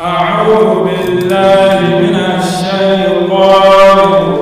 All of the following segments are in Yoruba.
أعوذ بالله من الشيطان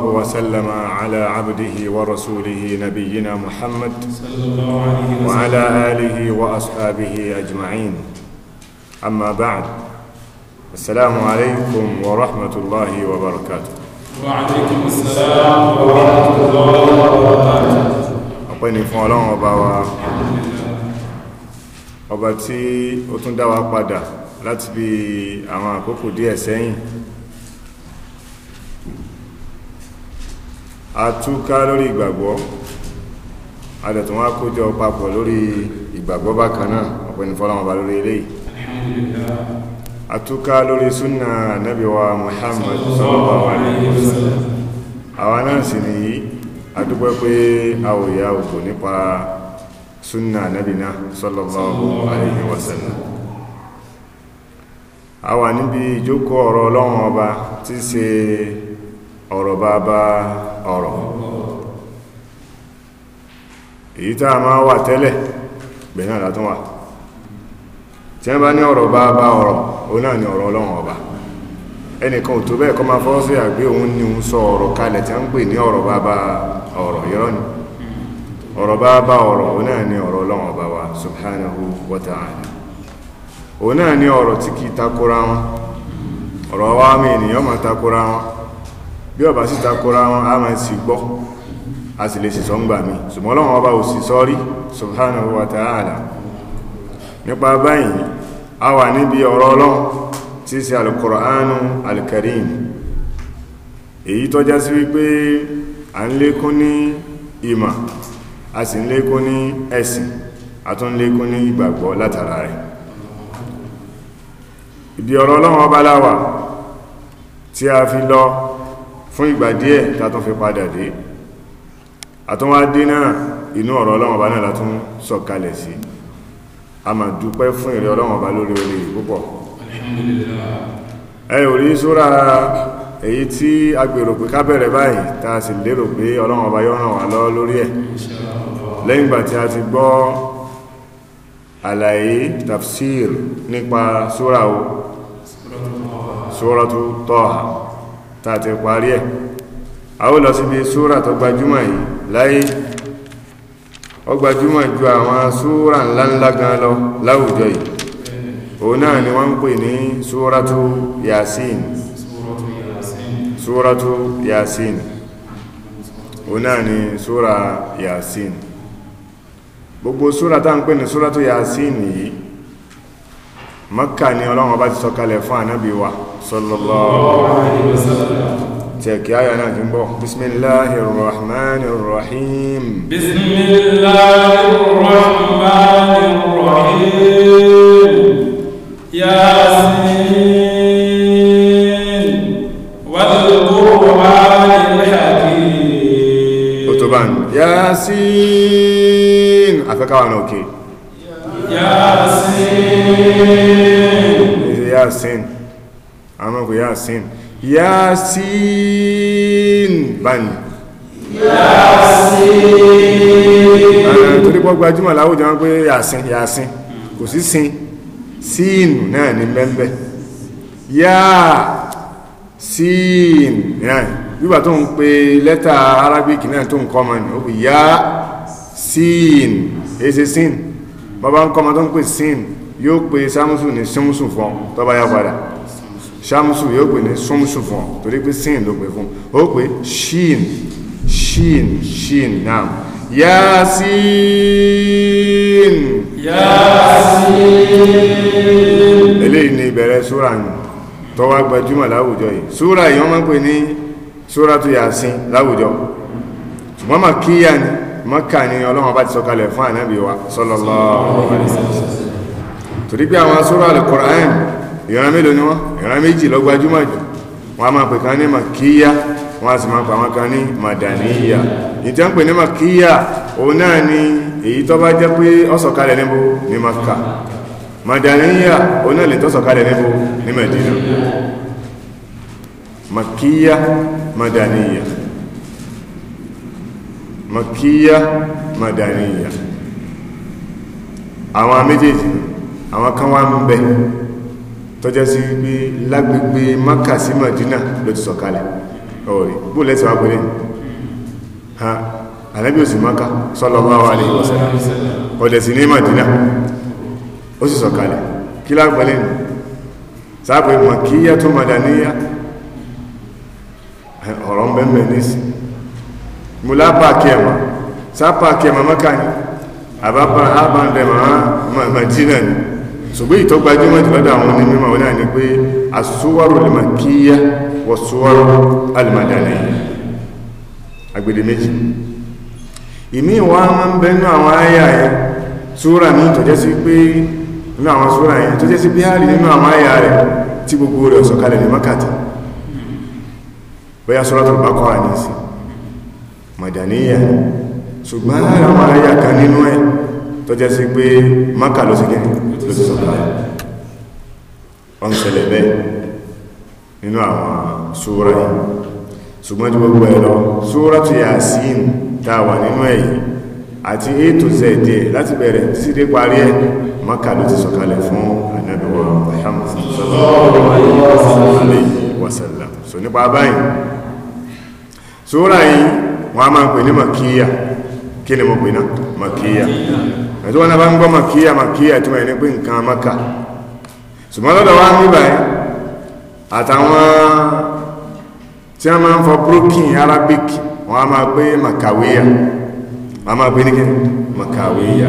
الله وسلم على عبده ورسوله نبينا محمد وعلى آله وأصحابه أجمعين أما بعد السلام عليكم ورحمة الله وبركاته وعليكم السلام ورحمة الله وبركاته أقول فعلا وبوا ọba tí ó tún dá wa padà láti atúká lórí ìgbàgbọ́ adẹ̀tún wá kójọ papọ̀ lórí ìgbàgbọ́ bákan náà fọ́lọ́mọba lórí eléyìí atúká lórí súnà nẹ́bíwa Muhammad sallallahu alaihi àwọn náà sì nìyí adúpẹ́ pé àwòyà òkò nípa súnà nẹ́bìná sallallahu alaihi wasallam a wà níbi ìjókòó ọ̀rọ̀ ọlọ́run ọba tí se ọ̀rọ̀ bàbá ọ̀rọ̀ èyí tá a máa wà tẹ́lẹ̀ bẹ̀rẹ̀ náà látún wà tí wọ́n bá ní ọ̀rọ̀ bá bá ọ̀rọ̀ ó náà ní ọ̀rọ̀ ọlọ́run ọba ẹnìkan ò tó bẹ́ẹ̀ kọ́ máa fọ́ sí àgbé òun ní òun sọ ọ̀rọ̀ kalẹ̀ tí wọ́n ń pè ní ọ̀rọ̀ bá bá ọ̀rọ̀ ni ọ̀rọ̀ bá bá ọ̀rọ̀ ó náà ní ọ̀rọ̀ ọlọ́run ọba wa subhanahu wa ta'ala ó náà ní ọ̀rọ̀ tí kì í takora wọn ọ̀rọ̀ wa mi ènìyàn máa takora wọn bí ọba síta kóra wọn a máa sì gbọ́ a sì lè sìsọ́ ń gbà mí ṣùgbọ́n ọlọ́run ọba ò sì sọ́rí subhanahu wa ta'ala nípa báyìí a wà níbi ọ̀rọ̀ ọlọ́run tí sí alukọ̀rọ̀ánù alkarim èyí tọ́já sí wípé a ń lékún ní ìmọ̀ a sì ń lékún ní ẹ̀sìn a tún lékún ní ìgbàgbọ́ látara rẹ̀ ibi ọ̀rọ̀ ọlọ́run ọba láwà tí a fi lọ fún ìgbà díẹ̀ tàtún fi padà dé àtúnwádé náà inú ọ̀rọ̀ ọlọ́run ọba náà látún sọ̀kalẹ̀ sí a máa dúpẹ́ fún ìrẹ ọlọ́run ọba lórí orí púpọ̀ ẹ ò rí sóra èyí tí a gbèrò pé ká bẹ̀rẹ̀ báyìí tá sì lérò pé ọlọ́run yóò ràn wá lọ lórí ẹ̀ lẹ́yìn ìgbà tí a ti gbọ́ àlàyé tafsir nípa sóra o sóratu tọ́ha tàti parí ẹ̀ a ó lọ síbi súra tó gbajúmọ̀ yìí láyé ó gbajúmọ̀ ju àwọn súra ńláńlá gan lọ láwùjọ yìí òun náà ni wọ́n ń pè ní súratú yasin súratú yasin òun náà ni súra yasin gbogbo súra tá ń pè ní súratú yasin yìí Mákà ni Ọlọ́run bá ti sọ̀kalẹ̀ fún ànábì wa صلى الله عليه وسلم تك يا ناجم بو بسم الله الرحمن الرحيم بسم الله الرحمن الرحيم يا ياسين والقرآن الحكيم يا ياسين أفكا أنا أوكي يا ياسين àmọ́ kò Yasin Yasin bani Yasin torí pọ́ gbajúmọ̀ láwùjọ wọn pé Yasin Yasin kò sí sin síìnù náà ní mẹ́mbẹ́ Yasin náà bíbà tó ń pe lẹ́tà Arabic náà tó ń kọ́ mọ́ ní ó kù Yasin èsì sin bàbá ń kọ́ mọ́ tó ń pè sin yóò pe samusu ní samusu fún tọ́bá yá padà ṣàmùsùn yóò pè ní súnmùsùn fún ọ torí pé sin ló pè fún ó pè ṣíìn ṣíìn ṣíìn náà yásíìn yásíìn eléyìí ni ìbẹ̀rẹ̀ súra nù tó wá gbajúmọ̀ láwùjọ yìí súra yìí wọ́n máa pè ní súra tó yásíìn láwùjọ ṣùgbọ́n mà kíyà ni mọ́kà ni ọlọ́run bá ti sọ̀kalẹ̀ fún ànábì wa torí pé àwọn súra al-Qur'an ìran mélòó ni wọ́n ìran méjì ló gbajúmọ̀ jù wọ́n a máa pè kan ní màkíyà wọ́n a sì máa pa wọn kan ní màdàníyà ìtẹ́ ń pè ní màkíyà òun náà ni èyí tó bá jẹ́ pé ó níbo ní maka màdàníyà òun náà lè tó níbo ní mẹ̀dínà màkíyà màdàníyà màkíyà màdàníyà àwọn méjèèjì àwọn kan wá ń bẹ tọ́já sí wípé lágbègbè Mákà sí Madina ló ti sọ̀kalẹ̀ ọ̀rẹ́ bó lẹ́sẹ̀ wá gbélé ha ànábì ò sí Mákà sallallahu alaihi wasallam ọ̀dẹ̀ sí ní Madina ó sì sọ̀kalẹ̀ kí lágbẹ̀lẹ̀ ni sáàpẹ̀ mọ̀kíyà tó Madaniyya ọ̀rọ̀ ń bẹ́ẹ̀ nísì mo lápàkì ẹ̀mọ̀ sápàkì ẹ̀mọ̀ Mákà ni àbábá ábàndẹ̀mọ̀ Madina ni ṣùgbọ́n ìtọ́ gbajúmọ̀ jù lọ́dọ̀ àwọn onímọ̀ wọn náà ni pé àsúwárò lè máa kíyà wọ súwárò alìmọ̀dánà yìí agbèdè méjì ìmí ìwà máa ń bẹnu àwọn àyà yẹn súra mi tó jẹ́ sí pé nínú àwọn súra yẹn tó sí bí nínú àwọn àyà rẹ̀ tí gbogbo rẹ̀ sọ̀kalẹ̀ ní mọ́kàtà bóyá súra tó bá kọ́ àní sí mọ̀dàníyà ṣùgbọ́n àwọn àyà kan nínú ẹ̀ tó sí pé mọ́kà ló sì kẹ́kẹ́ tí ó sì sọ̀kalẹ̀ wọ́n ṣẹlẹ̀ bẹ́ẹ̀ nínú àwọn súra yìí ṣùgbọ́n tí gbogbo ẹ̀lọ súra tó yà sí tàwà nínú ẹ̀yìn àti ètò zẹ̀dẹ̀ e, láti bẹ̀rẹ̀ sí dé parí ẹ̀ Mákà ló ti sọ̀kalẹ̀ fún Ànábì wa Muhammad sallallahu alaihi nípa báyìí súra yìí wọ́n a máa pè ní makíyà kí ni mo pè náà makíyà ẹ̀tọ́ wọn náà bá ń gbọ́ màkíyà màkíyà tí wọ́n ẹni pé nǹkan maka ṣùgbọ́n lọ́dọ̀ wá ní báyìí àtàwọn tí wọ́n máa ń fọ brokin Arabic wọ́n a máa pé makawiya wọ́n a máa pé nígbẹ́ makawiya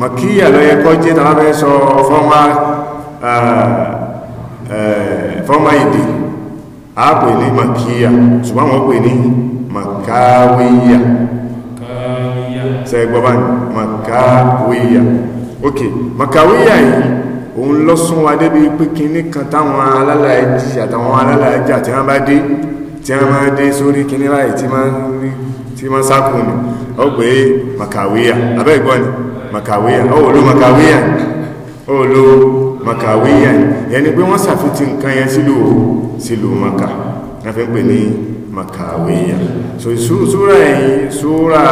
màkíyà lọ yẹ kọ́ jẹ́ tàbí fẹ́ sọ fọ́mà fọ́mà èdè a pè ní màkíyà ṣùgbọ́n wọ́n pè ní makawiya sẹ́gbọ́n báyìí makawiya ok makawiya yìí òun lọ sún wa débi pé kinní kan táwọn alálàájì àtàwọn alálàájì àti wọn bá dé tí wọn máa dé sórí kinní láì tí wọn ní tí wọ́n sákùn ní ọ pé makawiya abẹ́ ìgbọ́n ni makawiya ọ ò lo makawiya ọ ò lo makawiya ẹni pé wọ́n sàfitì nǹkan yẹn sílùú sílùú maka wọ́n fi ń pè ní makawiya so súra ẹ̀yìn súra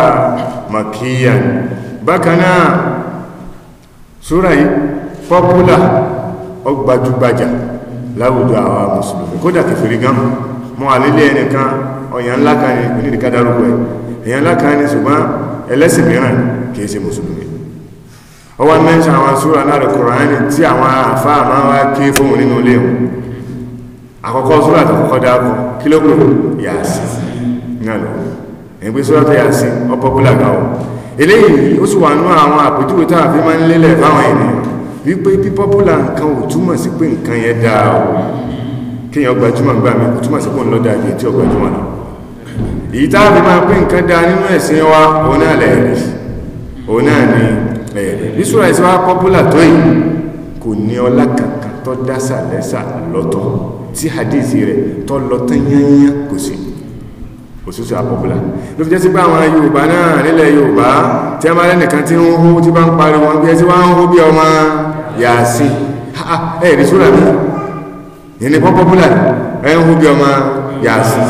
makiya bákanáà súra yìí pọ́pùlà ọgbàjúgbajà láwùjọ àwọn mùsùlùmí kódà kèfèrí gan mọ́ àlélé ẹnìkan ọ̀yàn ńlá kan ní ìpínlẹ̀ ìdíkà dárúkọ ẹ̀ èyàn ńlá kan ní ṣùgbọ́n ẹlẹ́sìn mìíràn kìí ṣe mùsùlùmí ọwọ́ mẹ́ṣà àwọn súra náà rẹ̀ kùránì tí àwọn àfáà máa wá kí fóun nínú ilé wọn àkọ́kọ́ súra tó kọ́kọ́ dáàbò kí ló kù yàásì náà lọ ẹgbẹ́ súra tó yàásì ọ pọ́pùlà eléyìí ó sì wà ní àwọn àpèjúwe tá a fi máa ń lélẹ̀ fáwọn ènìyàn wípé pípọ́pùlà nǹkan ò túmọ̀ sí pé nǹkan yẹn dáa o kéèyàn gbajúmọ̀ gbà mí kò túmọ̀ sí pé òun lọ dáa ju etí ọgbajúmọ̀ lọ èyí tá a fi máa pé nǹkan dáa nínú ẹ̀sìn wa òun náà lẹ̀rẹ̀ òun náà ni ẹ̀rẹ̀ bí sùúrà ẹ̀sìn wa pọ́pùlà tó yìí kò ní ọlá kankan tó dásà lẹ́sà lọ́tọ̀ tí hadisi rẹ̀ tó lọ yányán kò sí òṣìṣẹ́ àpọ̀bùlà ló fi jẹ́ sí pé àwọn Yorùbá náà nílẹ̀ Yorùbá tí a máa lẹ́nì kan tí ń hó tí bá ń parí wọn bí ẹ tí wọ́n ń hó bí ọmọ yàásì ẹ̀rí súra mi ìní pọ́pọ́pùlà ẹ ń hó bí ọmọ yàásì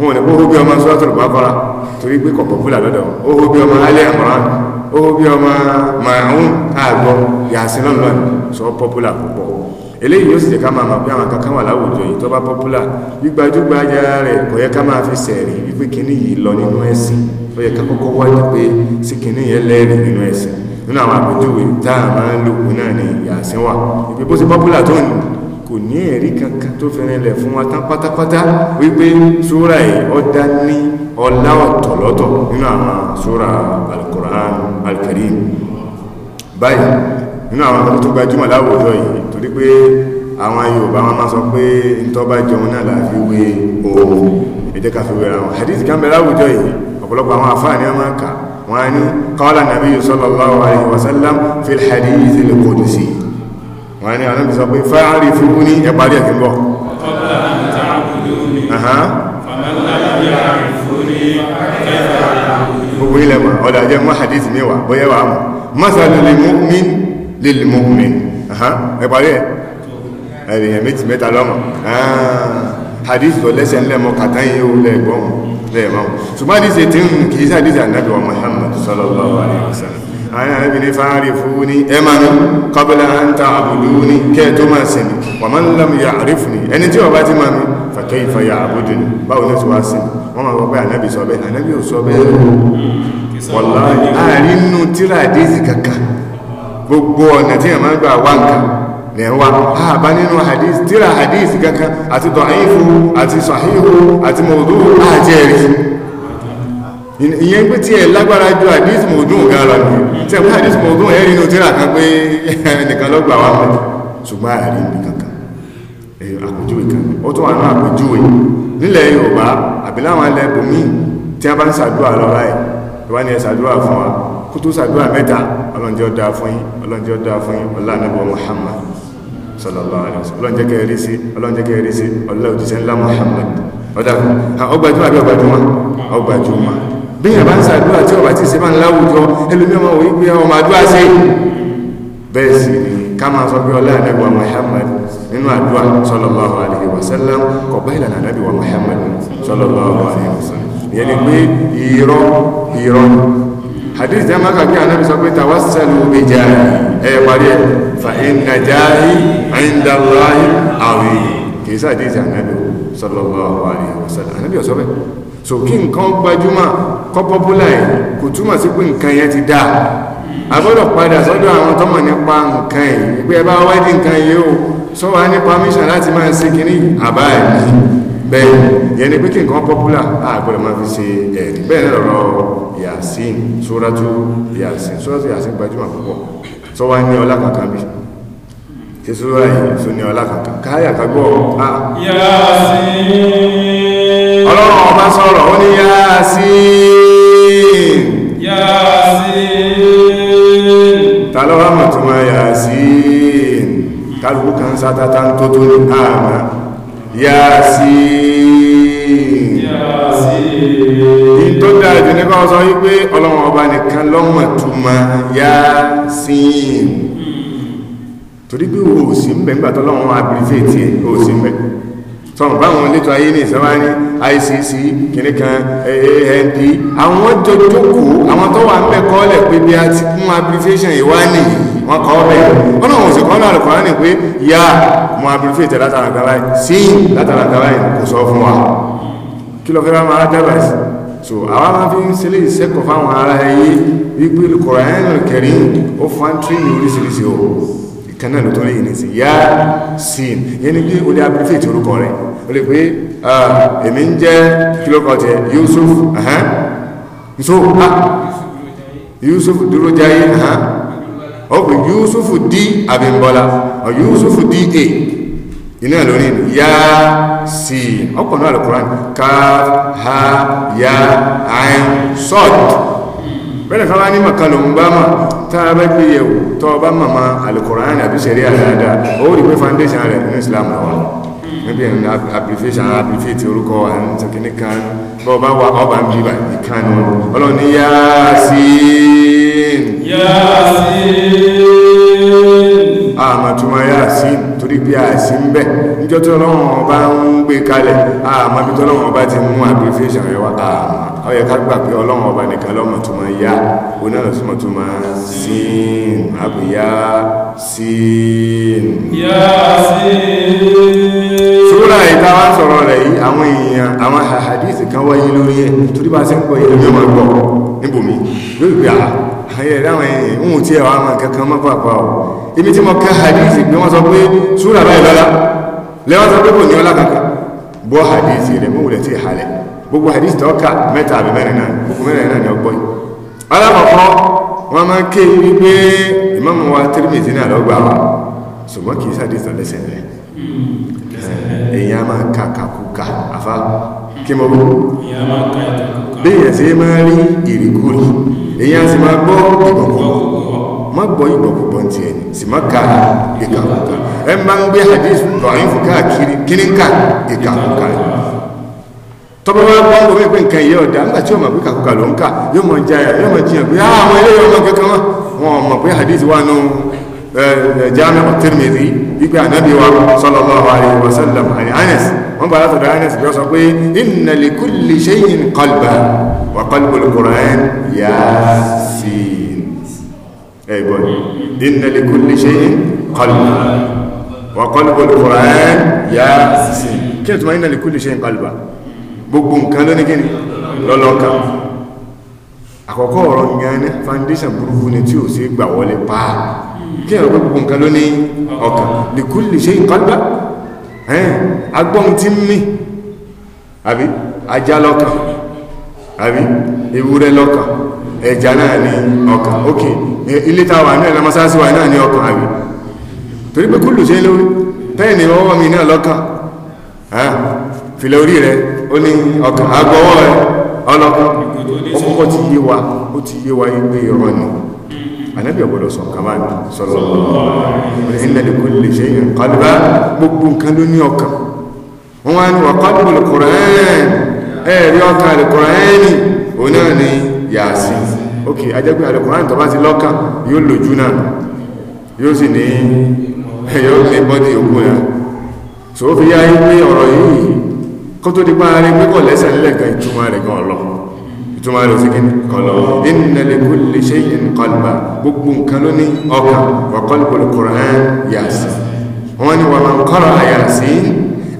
wọn ò ní kó hó bí ọmọ suratul Baqara torí pé kọ̀pọ̀pùlà lọ́dọ̀ ó hó bí ọmọ alẹ́ Imran ó hó bí ọmọ màrún àgbọ̀ yàásì lọ́nà sọ pọ́pùlà púpọ̀ eléyìí yóò sì jẹ́ ká máa mọ̀ pé àwọn kankan wà láwùjọ yìí tó bá popular gbígbajúgbajà rẹ̀ kò yẹ ká máa fi sẹ̀rí wípé kínní yìí lọ nínú ẹ̀sìn ó yẹ ká kọ́kọ́ wájú pé sí kínní yẹn lẹ́rìí nínú ẹ̀sìn nínú àwọn àpèjúwe tá a máa ń lò kú náà ni Yásìn wà ìpè bó ṣe popular tó ní kò ní ẹ̀rí kankan tó fi rinlẹ̀ fún wa tán pátápátá wípé súra yìí ọ̀dá ní ọlá ọ̀tọ̀lọ́tọ̀ nínú àwọn súra Al-Qur'an Al-Karim báyìí nínú àwọn tó gbajúmọ̀ láwùjọ yìí torí pé àwọn Yorùbá wọn máa sọ pé ntọ́ba jẹun náà láàfi wé oòrùn ẹ jẹ́ ká fi wéra wọn hadith kan bẹ̀rẹ̀ àwùjọ yìí ọ̀pọ̀lọpọ̀ àwọn àfáà ni a máa kà wọ́n ní qala nabiyyu sallallahu alaihi wasallam fil hadith al-qudsi wọ́n ní àwọn ìsọ pé fáàrí fún ní ẹ̀parí ẹ̀kí bọ́ gbogbo ilẹ̀ mọ̀ ọ̀dà jẹ́ mọ́ hadith mẹ́wàá bóyẹ́wàá mọ̀ masalul mu'min ẹ parí ẹ ẹ̀rìyàn méjì mẹ́ta lọ́mọ ah, hadith tó lẹ́sẹ̀ ńlẹ̀ mọ́ kàtá yìí ó lẹ́gbọ́n lẹ́ẹ̀mọ́ ṣùgbọ́n hadith tí ń kìí sí hadith ànábì wa Muhammad sallallahu alaihi wasallam àwọn ànábì ní fàárì fún ní ẹmanu qabla an ta'buduni kẹ́ tó máa sìn wa man lam ya'rifni ẹni tí ó bá ti máa mi fa kayfa ya'buduni báwo wọ́n máa wọ́pẹ́ ànábì sọ bẹ́ẹ̀ ànábì ò sọ bẹ́ẹ̀ wọ́n láàrin nínú tíra àdéhìí kankan gbogbo ọ̀nà tí èèyàn máa ń gbà wá nǹkan lè ń wá àbá nínú hadith tíra hadith kankan àti dọ̀hífù àti sọ̀híhù àti mọ̀ọ́dù àti ẹ̀rí ìyẹn pé tí ẹ lágbára ju hadith mọ̀ọ́dù gan lọ ni tí ẹ pé hadith mọ̀ọ́dù ẹ̀rí inú tíra kan pé nìkan lọ́gbà wà mọ́ ṣùgbọ́n àrí ibi kankan àpèjúwe kan ó tún wà ní àpèjúwe nílẹ̀ Yorùbá àbí láwọn ilẹ̀ bòmí tí a bá ń ṣàdúrà lọ́ra ẹ̀ ni ẹ ṣàdúrà fún wa kó tó ṣàdúrà mẹ́ta ọlọ́njẹ́ ó dáa fún yín ọlọ́njẹ́ ó dáa fún yín ọlá ànábì Muhammad sallallahu alaihi wasallam ọlọ́njẹ́ kẹrì sí ọlọ́njẹ́ kẹrì sí ọlá òjíṣẹ́ ńlá Muhammad ọgbàjúmọ̀ àbí ọgbàjúmọ̀ ọgbàjúmọ̀ bí yàrá ń sàdúrà tí ọba tí ìṣe máa ń láwùjọ ẹlòmí ọmọ òwe gbé ọmọ àdúrà sí bẹ́ẹ̀ sì ni ká máa sọ pé ọlá ànábì wa Muhammad nínú àdúrà hadith jẹ́ máa kàkí ànábì sọ pé tawassalu bi jaahi ẹ parí ẹ fa inna jaahi inda Allahi awi kì í sàdí ìjà ànábì sallallahu alaihi wasallam ànábì ọ̀sọ́ bẹ́ẹ̀ so kí nǹkan gbajúmọ̀ kọ́ pọ́pùlà ẹ̀ kò túmọ̀ sí pé nǹkan yẹn ti dáa a padà sọ́dọ̀ àwọn tọ́mọ̀ nípa nǹkan yìí pé ẹ bá wádìí nǹkan yìí o sọ wá ní permission láti máa ṣe kínní àbá ẹ̀ bẹ́ẹ̀ yẹn ni pé kí nǹkan popular àgbọ̀dọ̀ máa fi ṣe ẹ̀rí bẹ́ẹ̀ náà lọ́rọ̀ yasin sóràtú yasin sóràtú yasin gbajúmọ̀ púpọ̀ tó wá ní ọlá kankan bí èso ráyè èso ní ọlá kankan káyà kagbọ́ a. yasin ọlọ́run ọba sọ̀rọ̀ ó ní yasin yasin ta ló wá mọ̀ tó máa yasin kálukú kan sátátá tó tó ní àmà. Yasin tó dájú ní kọ́ sọ wípé ọlọ́run ọba nìkan lọ́mọ̀ túnmọ̀ Yasin torí pé o sì ń bẹ̀ ń gbàtọ́ lọ́wọ́ abirifé tí ẹ o sì ń bẹ̀ sọ̀rọ̀ báwọn olétò ayé ní ìsẹ́wá ní ICC kìnnì kan ANP àwọn jọjọ́kù àwọn tó wà ń bẹ̀ kọ́lẹ̀ pé bí a ti kún abrification ìwá nìyí wọ́n kọ́ bẹ̀rẹ̀ wọ́n náà wọ́n sì kọ́ náà lùkọ́ ní pé ya mo abúlífètè látara gbára yìí sí látara gbára yìí kò sọ fún wa kí lọ fẹ́ra máa dábàá sí so àwọn máa fi ń sílé ìṣẹ́kọ̀ọ́ fáwọn ará ayé wípé Kùránì Kẹ́rímù ó fún tírínì oríṣiríṣi o ìkan náà ló tó léyìn nìsí ya sin yẹn ni pé o lè abúlífètè orúkọ rẹ̀ o lè pé èmi ń jẹ́ kílọ́kọ̀ tẹ Yusuf so ah. Yusuf dúró jáyé ó pè Yusufu d Abímbọ́lá ọ Yusufu d a iná lórí ìlú yá sí ọ̀pọ̀ náà lè kúrán ká ha yá àìn sọ́ọ̀tù bẹ́ẹ̀ kan wá ní màkà ló ń bá mà tá a bá gbé yẹ̀wò tó bá màmá alìkùránì àbí sẹ̀rí àdáadáa ó rí pé foundation rẹ̀ ní Islam lọ́wọ́ níbi ẹ̀rùn application applicate orúkọ àwọn tẹkínìkan bọ́ bá wà ọba ń bí ìkànnì ọlọ́ni yá sí i yasin yasin àmàtúmọ̀ yasin torí bí yasin bẹ́ níjọ́ tó lọ́wọ́ ọba ń gbé kalẹ̀ àmàbí tó lọ́wọ́ ọba ti mú abbreviation rẹ̀ wá àmà ó yẹ ká gbà pé ọlọ́wọ́ ọba nìkan lọ́mọ̀ tó máa yá onálọ́sọ́mọ̀ tó sin àbí yasin yasin sóra ìta wá sọ̀rọ̀ rẹ̀ yìí àwọn èèyàn àwọn hadith kan wáyé lórí ẹ̀ torí bá sí ń pọ̀ ìlú ọmọ gbọ́ níbòmí lórí pé àà ayẹ̀ ráwọn èèyàn ń tí ẹ̀wà àwọn kankan mọ́ pàpà ọ̀ ibi tí mo ká hadithi pé wọ́n sọ pé súra báyìí lọ́lá lẹ́wọ́n sọ pé kò ní ọlá kankan bọ́ hadithi rẹ̀ mú wulẹ̀ tí halẹ̀ gbogbo hadithi tó mẹ́ta àbí mẹ́rin bí èèyàn máa rí ìrìkúrì èyàn sì máa gbọ́ ìgbọ̀kúgbọ̀ má gbọ́ ìgbọ̀kúgbọ̀ ti ẹni sì má ka ìkàkùkà ẹ má ń gbé hadith lọ́rin fún káàkiri kíní ń ka ìkàkùkà tọ́pọ̀ wá gbọ́n gbọ́ pé nǹkan ìyẹ́ ọ̀dà nígbà tí ó mọ̀ pé kàkùkà ló ń kà yóò mọ̀ jayà yóò mọ̀ jiyàn pé ah, àwọn eléyìí ọmọ kankan wọn wọn mọ̀ pé hadith wà nù jami Tirmidhi wípé ànábì wa sallallahu alaihi wa sallam àní Anas wọn bá látọ̀dọ̀ Anas bí wọ́n sọ pé inna li kulli shay'in qalba وقلب القرآن ياسين أي أيوة إن لكل شيء قلبا وقلب القرآن ياسين كيف ما إن لكل شيء قلبا gbogbo nǹkan ló ní kí ni lọ́lọ́ka àkọ́kọ́ ọ̀rọ̀ ìyàn ní foundation burúkú ni tí ò sí gbà wọlé pàá kí ẹ̀rọ gbogbo nǹkan ló ní ọkàn likulli shay'in qalba agbọ́n tí ń mí àbí ajá lọ́kàn àbí ewúrẹ́ lọ́kàn ẹja náà ní ọkàn ok ilé tá a wà náà lọ́mọsáàsì wà náà ní ọkàn àbí torí pé kúlù ṣe lórí pẹ́ẹ̀nì ọwọ́ mi náà lọ́kàn fìlẹ̀ orí rẹ̀ ó ní ọkàn agbọ́wọ́ rẹ̀ ọlọ́kàn ọkọ̀ ti yé wa ó ti yé wa ìgbé ìrọ̀ ni ọ̀gbọ̀dọ̀ sọ kàmá sọ̀rọ̀ ilẹ̀ lè kó lè ṣe yẹn kọlùbá gbogbo nǹkan ló ní ọkàn wọ́n wá ní wà kọlùbọ̀lù kọ̀rẹ́ẹ̀ẹ́ ẹ̀rí ọkàn alìkọ̀rẹ́ẹ̀nì òun náà ni yàásí ok ajẹ́gbé alìkọ̀rẹ́ẹ̀nì tó bá ti lọ́kàn yóò lòjú náà yóò sì ní yóò ní bọ́dì òkú rẹ̀ so ó fi yá pé ọ̀rọ̀ yìí kó tó di pa rí pé kò lẹ́sẹ̀ nílẹ̀ kan ìtumọ̀ rẹ̀ gan lọ ìtumọ̀ rẹ̀ sí kíni kan lọ inna li kulli shay'in qalba gbogbo nǹkan ló ní ọkàn wa qalbul Qur'an yàásí wọ́n ni wà máa ń kọ́rọ̀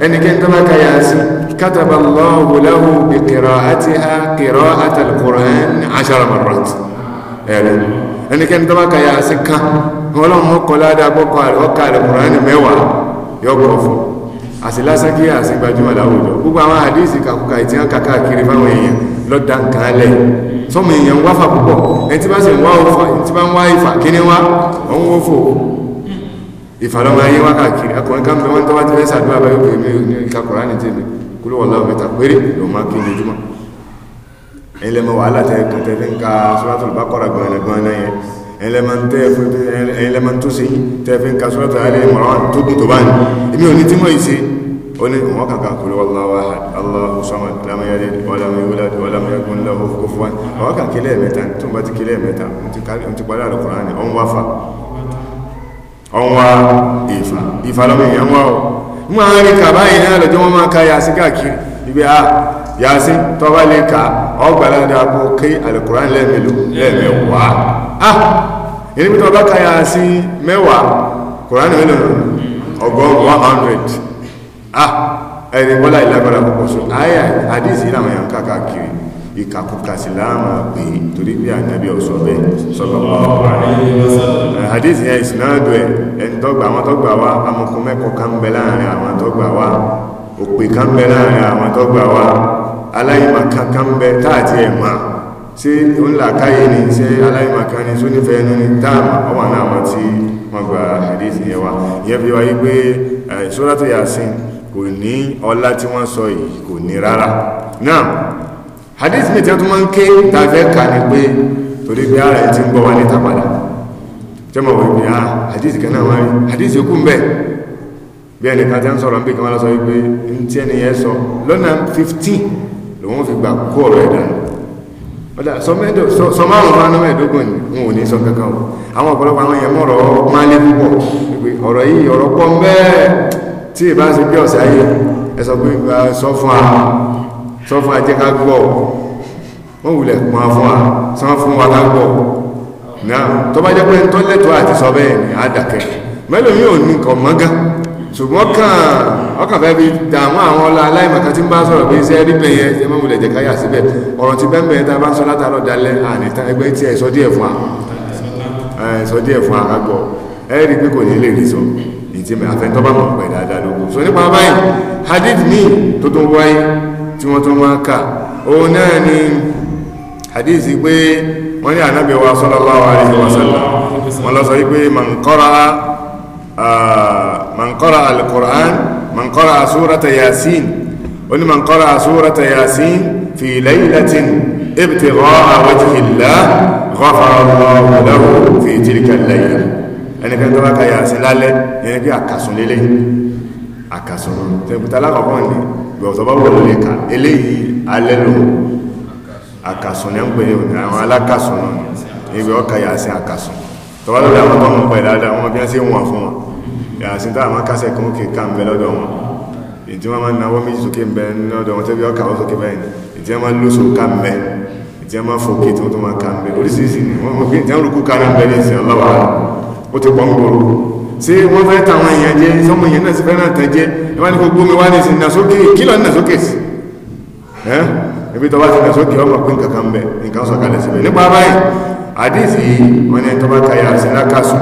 ẹnikẹ́ni tó bá ka yàásí كتب الله له بقراءتها قراءة القرآن عشر مرات يعني ẹni kẹ́ni tó bá ka yà á sí ká ọlọ́run ọkọ̀ ládàá gbọ́kọ̀ ọkà Al-Qur'an mẹ́wàá yọgbọ̀ fún àti lásán kí àti gbajúmọ̀ láwùjọ gbogbo àwọn àdíìsì kàkùkà ìtì hàn kàkà kiri fáwọn èèyàn lọ́dà nǹkan lẹ̀ sọmọ èèyàn ń wáfà púpọ̀ ẹni tí bá sì ń wá òfà ẹni tí bá ń wá ìfà kí ni wá òun ó fò ìfà lọ́mọ ayé wá káàkiri akọrin ká ń bẹ wọ́n tó bá ti fẹ́ sàdúrà báyọ̀ pé mi ò ní ìkàkùrá ní tèmi kúlọ̀ wọ́n láwọ́ mẹ́ta péré ló máa kí ojoojúmọ́ ẹlẹ́mọ̀ wàhálà tẹ́ kan tẹ́ fi ń ka suratul Baqara gbọ́nà gbọ́nà yẹn ẹlẹ́mọ̀ tó ṣe tẹ́ fi ń ka suratul Al Imran tó kù tó bá ní èmi ò ní tí mọ̀ ìṣe ó ní wọ́n kàkà kúlọ̀ wallahu ahad Allahu samad lam yalid wa lam yulad wa lam yakun lahu kufuwan àwọn kà kílẹ̀ mẹ́ta tó bá mú àwọn ẹni kà báyìí náà lọ́jọ́ wọ́n máa ka yàsí káàkiri ibi a ah, yàsí tọ́ba lè ka ọgbàládà kó ké alukuran lẹ́ẹ̀mẹ́lú lẹ́ẹ̀mẹ́wàá a èyí bí tọ́ba ka yàsí mẹ́wàá kuran mẹ́lẹ̀ ọgọ́rùn one hundred a ah, ẹni bọ́lá ìlágbára púpọ̀ so àyà àdìsí ìlànà yàn káàkiri ìkàkùkà sí láàmà pé torí pé ànábì ọ̀sọ̀ bẹ́ẹ̀ sọ́lọ́pọ̀ hadith yẹn ìsìnàdù ẹ̀ ẹni tọ́gbà àwọn tọ́gbà wá amọ̀kún mẹ́kọ̀ọ́ kan bẹ láàrin àwọn tọ́gbà wá òpè kan bẹ láàrin àwọn tọ́gbà wá aláìmọ̀kan kan bẹ táàtì ẹ̀ mà ṣé ń là káyé ni ṣé aláìmọ̀kan ni sónífẹ̀ẹ́ ẹnu ni táàmà ọwà náà wọ́n ti wọ́n gba hadith yẹn wá ìyẹn fi wáyé pé Suratu Yasin kò ní ọlá tí wọ́n sọ yìí kò ní rárá náà hadith mi tí wọ́n tún máa ń ké tàfẹ́ kà ní pé torí pé ara ẹ̀ ti ń bọ̀ wá níta padà tí wọ́n wọ́n ìgbìyà hadith kan náà wáyé hadith kú ń bẹ̀ bí ẹnì kan tí wọ́n sọ̀rọ̀ ń bí kan wọ́n sọ wípé ń tí ẹni yẹn sọ lọ́nà 15 lòun fi gbà kó ọ̀rọ̀ ẹ̀dá ọ̀dà sọ márùn-ún máa ná mẹ́ẹ̀ẹ́dógún ni wọn ò ní sọ kankan o àwọn ọ̀pọ̀lọpọ̀ àwọn èèyàn mọ̀rọ̀ máa lé púpọ̀ wípé ọ̀rọ̀ yìí ọ̀rọ̀ pọ̀ ń bẹ́ẹ̀ tí ì bá ṣe bí ọ̀sẹ̀ ayé ẹ sọ pé sọ fún a sọ fún a jẹ́ ká gbọ́ wọ́n wulẹ̀ pọn fún wa sán fún wa lágbọ̀ náà tó bá jẹ́ pé tó lẹ́tọ̀ọ́ àti sọ bẹ́ẹ̀ ni á dàkẹ́ mẹ́lòmí ò ní nǹkan mọ́gán ṣùgbọ́n kàn ọkàn fẹ́ bí dààmú àwọn ọlá aláìmọ̀kan tí ń bá sọ̀rọ̀ pé iṣẹ́ rí bẹ̀yẹ ẹ mọ́ wulẹ̀ jẹ́ káyà síbẹ̀ ọ̀rọ̀ ti bẹ́ẹ̀ bẹ́ẹ̀ a bá ń sọ látàrọ̀ dalẹ̀ àníta ẹgbẹ́ tí ẹ sọ díẹ̀ fún wa ẹ sọ díẹ̀ fún àgbọ̀ ẹ rí pé kò ní lè rí sọ ìtí mẹ́ àfẹ́ntọ́ bá mọ̀ pẹ̀ dáadáa lóko so nípa báyìí hadith míì tó tó wáyé tí wọ́n tó máa kà òun náà ni hadisi pé wọ́n ní ànábì wa sallallahu alaihi wa sallam wọ́n lọ sọ wípé man qara'a ah, man qara'a al-Qur'an man qara'a surata yasin ó ní man qara'a surata yasin fi laylatin ibtigha'a wajhillah ghafara Allahu lahu fi tilka al-layla ẹnikẹ́ni tó bá ka yasin lálẹ́ ẹni pé àkàsùn lélẹ́yìn àkàsùn tẹ̀kùtà lákọ̀ọ́kọ́ ni gbọ̀ọ̀tọ̀ bá wọlé ká eléyìí alẹ́ lòun àkàsùn ní ń pè àwọn alákàsùn náà ìgbẹ̀ ọkà yàásí àkàsùn tọwọ́ lọ́dọ̀ àwọn tọ́mọ̀ pẹ̀ dáadáa wọ́n bí wọ́n sí wọn fún wọn yàásí tá àwọn kásẹ̀ kan kì ká ń bẹ lọ́dọ̀ wọn ìdí wọn máa ń nawọ́ méjì sókè ń bẹ lọ́dọ̀ wọn tẹ́bí ọkà sókè bẹ́ẹ̀ ìdí wọn máa ń lóso ká ń bẹ ìdí wọn máa fòkè tí wọ́n tó máa ká ń bẹ oríṣiríṣi ni wọ́n gbé ìdí wọn rúkú ká ń bẹ ní ìsìn ọlọ́wà ó ti pọ́n gbòòrò ṣé wọ́n fẹ́ tàwọn èèyàn jẹ́ sọmọ èèyàn náà sì fẹ́ náà tẹ́ jẹ́ ẹ bá ní kó gbómi wá ní ìsìn náà sókè kí lọ́ọ́ náà sókè ibi tọba ti kàsókè ọmọ pín kankan bẹ nǹkan sọ̀kalẹ̀ síbẹ̀ nípa báyìí àdíìsì wọn ni tọba ta yà sí lákàsù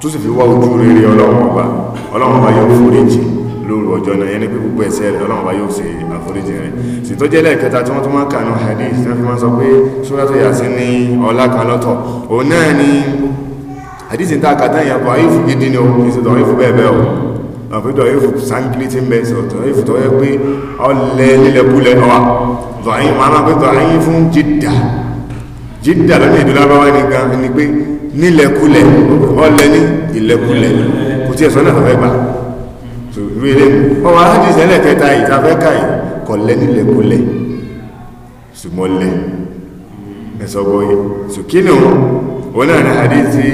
tó sì fi wá ojú rere ọlọ́run ọba ọlọ́run ọba yóò foríjì lóru ọjọ́ náà yẹn ní pé gbogbo ẹ̀ṣẹ̀ rẹ̀ ọlọ́run ọba yóò ṣe àforíjì rẹ̀ sì tó jẹ́ lẹ́ẹ̀kẹta tí wọ́n tún máa ń kà ní hadith tí wọ́n fi máa ń sọ pé sóra tó yà sí ní ọlá kan lọ́tọ̀ òun náà ni àdísì tá a kà táyà kọ àyífù gidi ni o kì í ṣe dọ̀rífù bẹ́ẹ̀ bẹ́ẹ̀ o pé ọlẹ́ nílẹ̀ búlẹ̀ ọwa dọ̀yìn máa pé dọ̀yìn fún jìdà jìdà lọ́nà ìdúlá bá wá ní gan ni pé nílẹ̀kulẹ̀ ọlẹ́ ní ìlẹ̀kulẹ̀ kò tí ẹ̀sọ́ náà fẹ́ gbà rere ọwọ́ aládìsẹ́ lẹ́kẹta ìtafẹ́kà kọ̀lẹ́ nílẹ̀kulẹ̀ ṣùgbọ́lẹ̀ ẹ̀sọ́gbọ́yẹ ṣùkínú wọn náà ní àdísí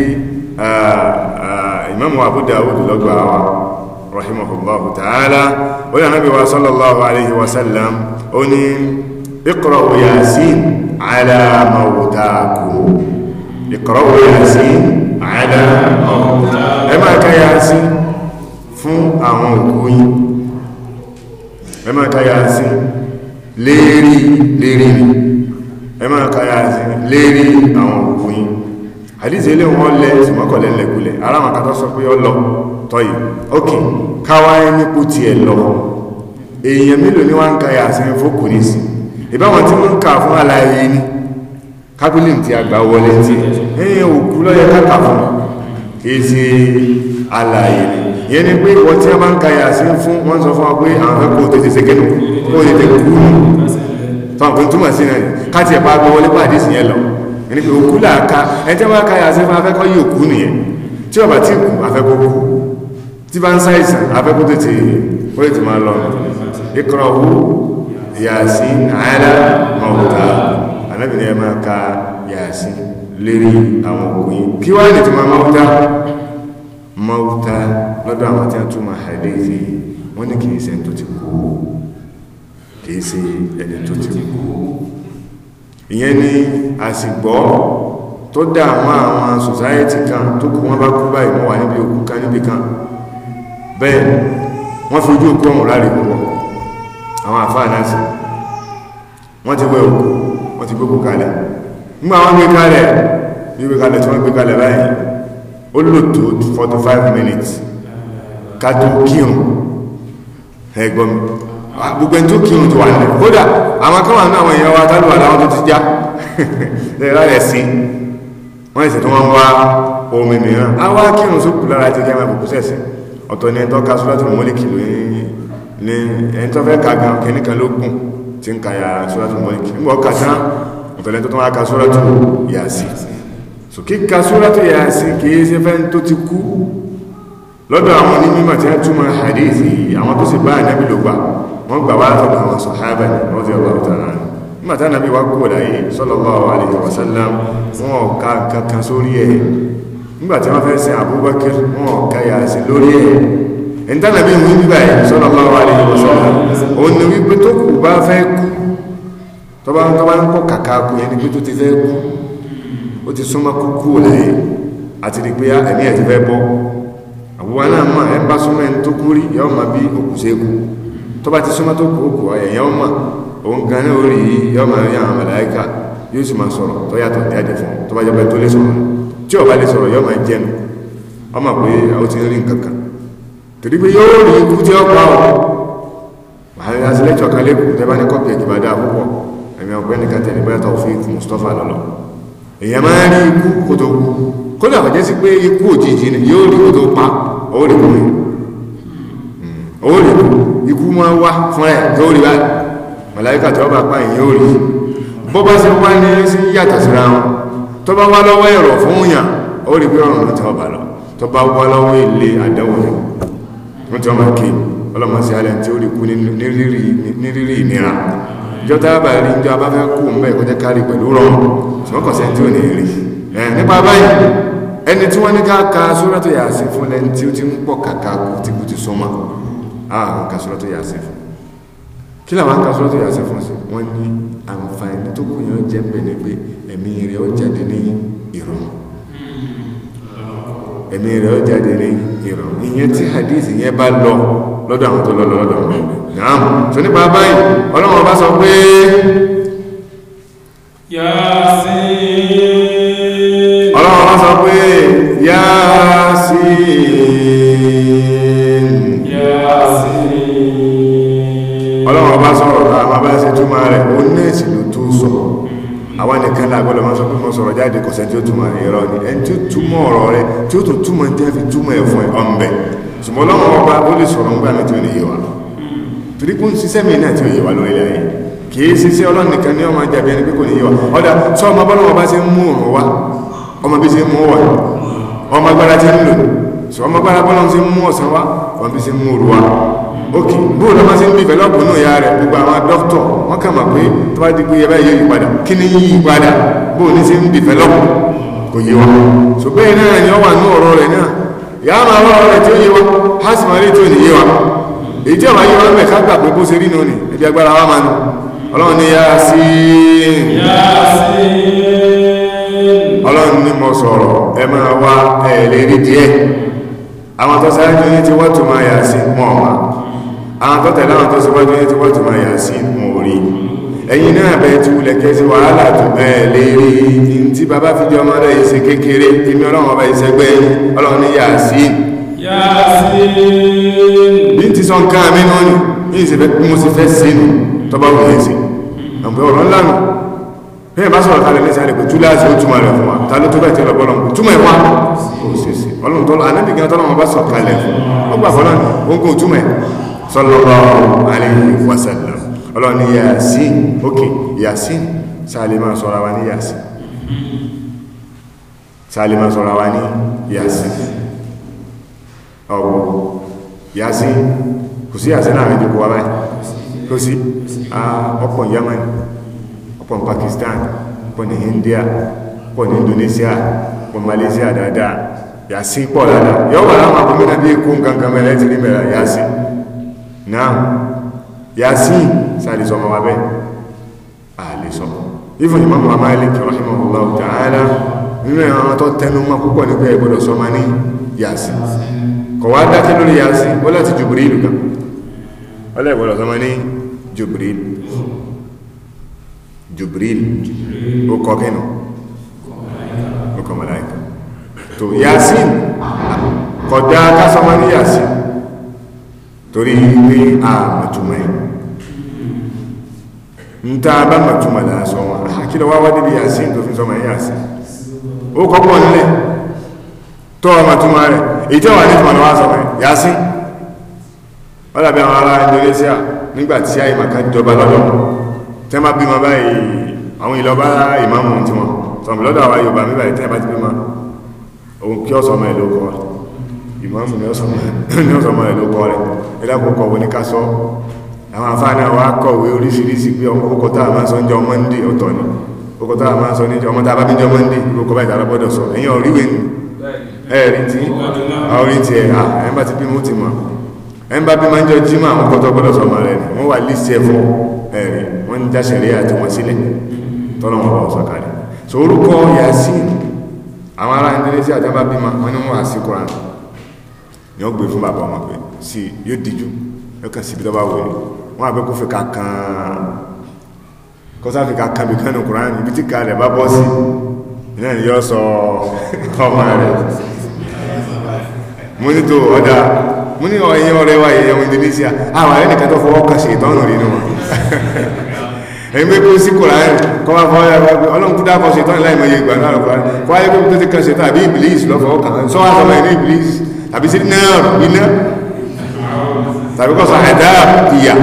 ìmáàmù Abu Dawud lọ́gbà wa rahimahullahu ta'ala wọn náà nábi wa sallallahu alaihi اقرأوا ياسين على موتاكم اقرأوا ياسين على موتاكم ẹ máa ka yásìn fún àwọn òkú yín ẹ máa ka yásìn lérí lérí ni ẹ máa ka yásìn lérí àwọn òkú yín àdíṣe ilé wọn lẹ ṣùgbọ́kọ̀lẹ́ lẹ́kulẹ̀ ara wọn kàtọ́ sọ pé ọ lọ tọ́yì ok káwáyé nípò tiẹ̀ lọ èèyàn mélòó ni wọ́n ń ka yásìn fókùnrin sí i ìbáwọn tí wọ́n ń kà fún aláyé ní kápílì tí a gbà wọlé tí ẹ̀yẹ òkú lọ́yẹ kápà fún èsì aláyé ní yẹn ni pé wọ́n tí a máa ń kàyà sí fún wọ́n sọ fún wa pé àwọn fẹ́ kó tètè ṣe kẹ́nu kó tètè kú ní tọ́pọ̀ túmọ̀ sí náà káti ẹ̀bá gbọ́ wọlé pàdé sí yẹn lọ ẹni pé òkú là ká ẹni tí a máa kàyà sí fún afẹ́kọ́ yìí òkú nìyẹn tí ọba tí kù afẹ́kọ́ kú tí bá ń sáìsàn afẹ́kọ́ tètè ó lè máa lọ ikọ̀ ọ̀hún yàásín àálá mọ̀ọ̀tà anábìnrin ẹ máa ka yàásín lérí àwọn òkúyí kí wá ní tí ma mọ́ta mọ́ta lọ́dọ̀ àwọn tí a túnmà àìlèsí wọ́n ní kìí ṣe tó ti kú kìí ṣe ẹni tó ti kú ìyẹn ni àsìgbọ́ tó dá àwọn àwọn society kan tó kú wọ́n bá kú báyìí wọ́n wà níbi òkú kan níbi kan bẹ́ẹ̀ wọ́n fi ojú òkú ọ̀hún láre púpọ̀ àwọn àfáà náà sí wọ́n ti wẹ́ òkú wọ́n ti gbogbo kalẹ̀ nígbà wọ́n gbé kalẹ̀ ní gbé kalẹ̀ tí wọ́n gbé kalẹ̀ báyìí ó lò tó 45 minutes kàtó kírun ẹgbọ́n mi ah, gbogbo ẹni tó kírun tó wà nílẹ̀ kódà àwọn kan wà ní àwọn èèyàn wa tálùwà láwọn tó ti já lẹ́yìn rẹ̀ sí wọ́n ìsẹ̀ tó wọ́n wá omi mìíràn á wá kírun sókù lára ti jẹ́ mẹ́bùkú sẹ̀sẹ̀ ọ̀tọ̀ ni ẹ̀tọ́ kásúlọ́tù mọ́líkì lóyìn ní ẹni tó fẹ́ ka gan kẹ́ni kan ló gùn tí ń ka ya sóràtù mọ́lìkì ń bọ̀ ka tán ọ̀tọ̀lẹ́ tó tán wá ka sóràtù yàsí so kíka sóràtù yàsí kìí ṣe fẹ́ tó ti kú lọ́dọ̀ àwọn ní mímọ̀ tí a túmọ̀ hadithi àwọn tó sì bá ànábì ló gbà wọ́n gbà wá lọ́dọ̀ àwọn sọ̀hábà ní ọba ọ̀tà náà nígbà tí ànábì wá kúrò láyé sallallahu alaihi wasallam wọn ò ka kankan sórí ẹ̀ nígbà tí wọ́n fẹ́ sin Abubakar wọn ò ka yàsí lórí ẹ̀ ìtànàbí ìwé bíbà ẹ̀ sallallahu alaihi wasallam òun ni wípé tó kù bá fẹ́ kú tọ́bá ń tọ́bá ń kọ́ kàkà kù yẹn ni pé tó ti fẹ́ kú ó ti súnmọ́ kú kú láyé àti rí pé ah, ẹ̀mí ẹ̀ ti fẹ́ bọ́ àbúwá náà mọ̀ ẹ bá súnmọ́ ẹni tó kú rí yọ́ mọ̀ bí òkú ṣe kú tọ́bá ti súnmọ́ tó kú òkú ọ̀yẹ̀ yọ́ mọ̀ òun gan ní orí yọ́ mọ̀ rí àwọn màláíkà yóò sì máa sọ̀rọ̀ tó yàtọ̀ jáde fún tọ́bá jẹ́ pẹ́ tó lè sọ̀rọ̀ tí ó lè sọ̀rọ̀ yọ́ mọ̀ jẹnu ọmọ pé ó ti rí nǹkan kan torí pé yóò rí ikú tí ó pa ọ̀ àwọn aṣílẹ́tọ̀ kan lẹ́kùn tẹ́bá ní kọ́pì ẹ̀kì bàdá púpọ̀ ẹ̀mí ọ̀pẹ́ nìkan tẹ̀lé bẹ́ẹ̀ tọ́ fún ikú Mustapha lọ́nà èèyàn máa rí ikú kò tó kú kó lè àwọn jẹ́ sí pé ikú òjijì ni yóò rí kò tó pa ó rí kú mi hmm, ó rí kú ikú máa wá fún ẹ̀ tó rí báyìí màláìkà tó bá pa èèyàn ó rí bó bá ṣe wá ní sí yàtọ̀ síra wọn tó bá wá lọ́wọ́ ẹ̀rọ fún yàn ó rí pé ọ̀run ló tẹ́ ọba lọ tó bá wá lọ́wọ́ ilé àdánwò wọ́n tí wọ́n máa kí ọlọ́mọ sí alẹ́ tí ó lè kú nírírí ìnira ìjọta bá rí ìjọ bá fẹ́ kú mẹ́ ìkọjẹ́ kárí pẹ̀lú rọrùn ṣùgbọ́n kọ̀sẹ̀ tí ó ní rí nípa báyìí ẹni tí wọ́n ní ká ka sóràtò yàsí fún lẹ́ni tí ó ti ń pọ̀ kàkà kú tí kú ti sọmọ́ àwọn ka sóràtò yàsí fún kí làwọn ka sóràtò yàsí fún sí wọ́n ní àǹfààní tó kù yẹn jẹ́ bẹ̀ ẹ̀mí rẹ̀ ó jáde ní ìrọ̀rùn ẹ̀mí rẹ̀ ó jáde ní ìrọ̀ ìyẹn tí hadith yẹn bá lọ lọ́dọ̀ àwọn tó lọ́lọ́ lọ́dọ̀ náà tó nípa báyìí ọlọ́run ọba sọ pé yàá sí jáde kọ̀sẹ̀ tí ó túmọ̀ irọ́ ni ẹni tí ó túmọ̀ ọ̀rọ̀ rẹ tí ó tún túmọ̀ ní tẹ́fì túmọ̀ ẹ̀ fún ẹ ọ̀nbẹ ṣùgbọ́n lọ́wọ́ ọba ó lè sọ̀rọ̀ nígbà mi tí ó lè yé wa torí kún ṣiṣẹ́ mi náà tí ó yé wa lórí ayé kìí ṣiṣẹ́ ọlọ́run nìkan ní ọmọ jàbí ẹni pé kò ní yé wa ọ̀dà sọ ọmọ bọ́lọ́wọ́ bá ṣe ń mú òun wa ọmọ bí ṣe ń mú wa ọmọ agbára ti ń lò sọ ọmọ agbára bọ́lọ́run ṣe ń mú ọ̀sán wa ọmọ bí ṣe ń mú òru wa ok bóò lọ́mọ sí ń bí ìfẹ́lọ́pù nù ya rẹ̀ gbogbo àwọn dókítọ̀ wọ́n kà mọ̀ pé tó bá di pé ẹ bá yẹ yí padà kí ni yí padà bóò ní sí ń bí ìfẹ́lọ́pù kò yé wa so bẹ́ẹ̀ náà ni ó wà nú ọ̀rọ̀ rẹ̀ náà ìyá àwọn àwọn ọ̀rọ̀ rẹ̀ tí ó yé wa á sì máa rí tó ní yé wa èyí tí àwọn yé wa gbà pé bó ṣe rí nù ni ẹbí agbára wa máa nù ọlọ́run ni yá sí ọlọ́run ni mo sọ̀rọ̀ ẹ máa wá ẹ̀ lérí díẹ̀ àwọn tó sáré tó ní ti wọ́n tó máa yà sí mọ́ ọ̀ma àwọn tó tẹ̀lé àwọn tó síwájú ní tí wọ́n ti máa yà sí ìmọ̀ orí ẹ̀yìn náà bẹ̀ẹ́ tí wulẹ̀ kẹsí wàhálà tó bẹ́ẹ̀ lè rí tí bàbá fi jẹ ọmọ rẹ̀ ìṣe kékeré èmi ọlọ́run ọba ìṣẹ́gbẹ́ ọlọ́run ní yà sí ní ti sọ nǹkan mi náà ni ní ìṣẹ́fẹ́ bí mo sì fẹ́ sí nu tọ́ba wù ní sí àmọ́ ọ̀rọ̀ ńlá nù bí ẹ bá ọlọ́run tọ́lọ́ anábìgán tọ́lọ́run ọba sọ̀kalẹ̀ fún ó gbà ó ń kó túmọ̀ sallallahu alayhi wa sallam ọlọ́run ni yasin ok yasin sáàlìmá sọ́ra wa ní yasin sáàlìmá sọ́ra wa ní yasin ọ̀wọ̀ yasin kò sí yasin náà méjì kò wá báyìí kò sí ọ̀pọ̀ Yemen ọ̀pọ̀ Pakistan ọ̀pọ̀ ní India ọ̀pọ̀ ní Indonesia ọ̀pọ̀ Malaysia dáadáa yasin pọ̀ dáadáa yọ́wọ́ láwọn àbúmí tàbí ikú nǹkan kan mẹ́rẹ́ ti rí mẹ́rẹ́ náà yasin sáàlì sọmọ wa bẹ́ẹ̀ àlè sọ ìfún ìmọ̀ mọ̀ Malik rahimahullah ta'ala nínú àwọn tó tẹnu mọ́ púpọ̀ nípa ẹgbọ́dọ̀ sọmọ ní yasin kọ̀ wá dákẹ́ lórí yasin ó láti Jibril kan ọlẹ́gbọ́dọ̀ sọmọ ní Jibril Jibril ó kọ́ kẹ́nu ó kọ́ màláìkà tó yasin kọ̀dá kásọmọ ní yasin torí wípé àmàtùmọ̀ ẹ̀ ń tá a bá màtùmọ̀ là sọ wọn àkílọ̀ wá wá débi yàsí tó fi sọmọ ẹ̀yà sí ó kọ́pọ̀ nílẹ̀ tó àmàtùmọ̀ rẹ̀ èyí tẹ́wà ní tùmọ̀ lọ́wọ́ sọmọ yàsí wọ́n dàbí àwọn ará Indonesia nígbà tí àyèmọ̀ kan jọba lọ́dọ̀ tẹ́ má bímọ báyìí àwọn ìlọba ìmáàmù tiwọn tọ̀mùlọ́dọ̀ àwa Yorùbá mi báyìí tẹ́ bá ti bímọ òun kí ọ̀sọ̀mọ̀ ẹ̀ ló wa ìmọ̀mù ni ó sọ mọ́ ẹ̀lú kọ rẹ̀ ẹlẹ́kọ̀ọ́kọ̀ wọn ní ká sọ àwọn afáàní àwọn akọ̀wé oríṣiríṣi pé ọkọ̀ tá a máa sọ níjọ mọ́ndé ọ̀tọ̀ ni ọkọ̀ tá a máa sọ níjọ ọmọ tá a bá níjọ mọ́ndé ọkọ̀ bá ìtàlọ́ gbọ́dọ̀ sọ ẹ̀yìn ọ̀ríwé ni ẹ̀rí tí ọ̀rí tí ẹ̀ à ẹ̀ ń bá ti bí mo ti mọ̀ ẹ̀ ń bá bí máa ń jọ jí mọ́ àwọn ọkọ̀ tó gbọ́dọ̀ sọ mọ́ rẹ̀ ni wọ́n wà lísì ẹ̀fọ́ ẹ̀rí wọ́n ń já ṣẹ̀rí àti wọn sílẹ̀ tọ́lọ́ wọn bá ọ̀sọ̀ kalẹ̀ so orúkọ Yasin àwọn ará Indonesia àti abábímọ wọn ni wọn wà sí Kùránì yóò gbé fún bàbá ọmọ pé sí yóò díjú yóò kàn síbi tó bá wẹ̀ wọ́n àbẹ́ kó fi ká kan kọ́sá fi ká kan bí kánú kúránì ibi tí ká rẹ̀ bá bọ́ sí náà ni yóò sọ ọmọ rẹ̀ mo ní tó ọ̀dà mo ní ọ̀yẹ́ ọ̀rẹ́ wa ìyẹn Indonesia àwọn ẹnìkan tó fọwọ́ kan ṣe ìtọ́nù nínú wọn ẹgbẹ́ kó sí kò ráyẹ̀ kọ́ wá fọ́ ọlọ́run kú dákọ̀ ṣetán láìmọ̀ iye ìgbà náà lọ́kọ̀ kọ́ wáyé kó tètè kan ṣetán àbí ìbìlíìsì lọ́fọ̀ọ́ kan sọ wá sọmọ ẹni ìbìlíìsì tàbí sí náà iná tàbí kọ́ sọ ẹ̀dá ìyà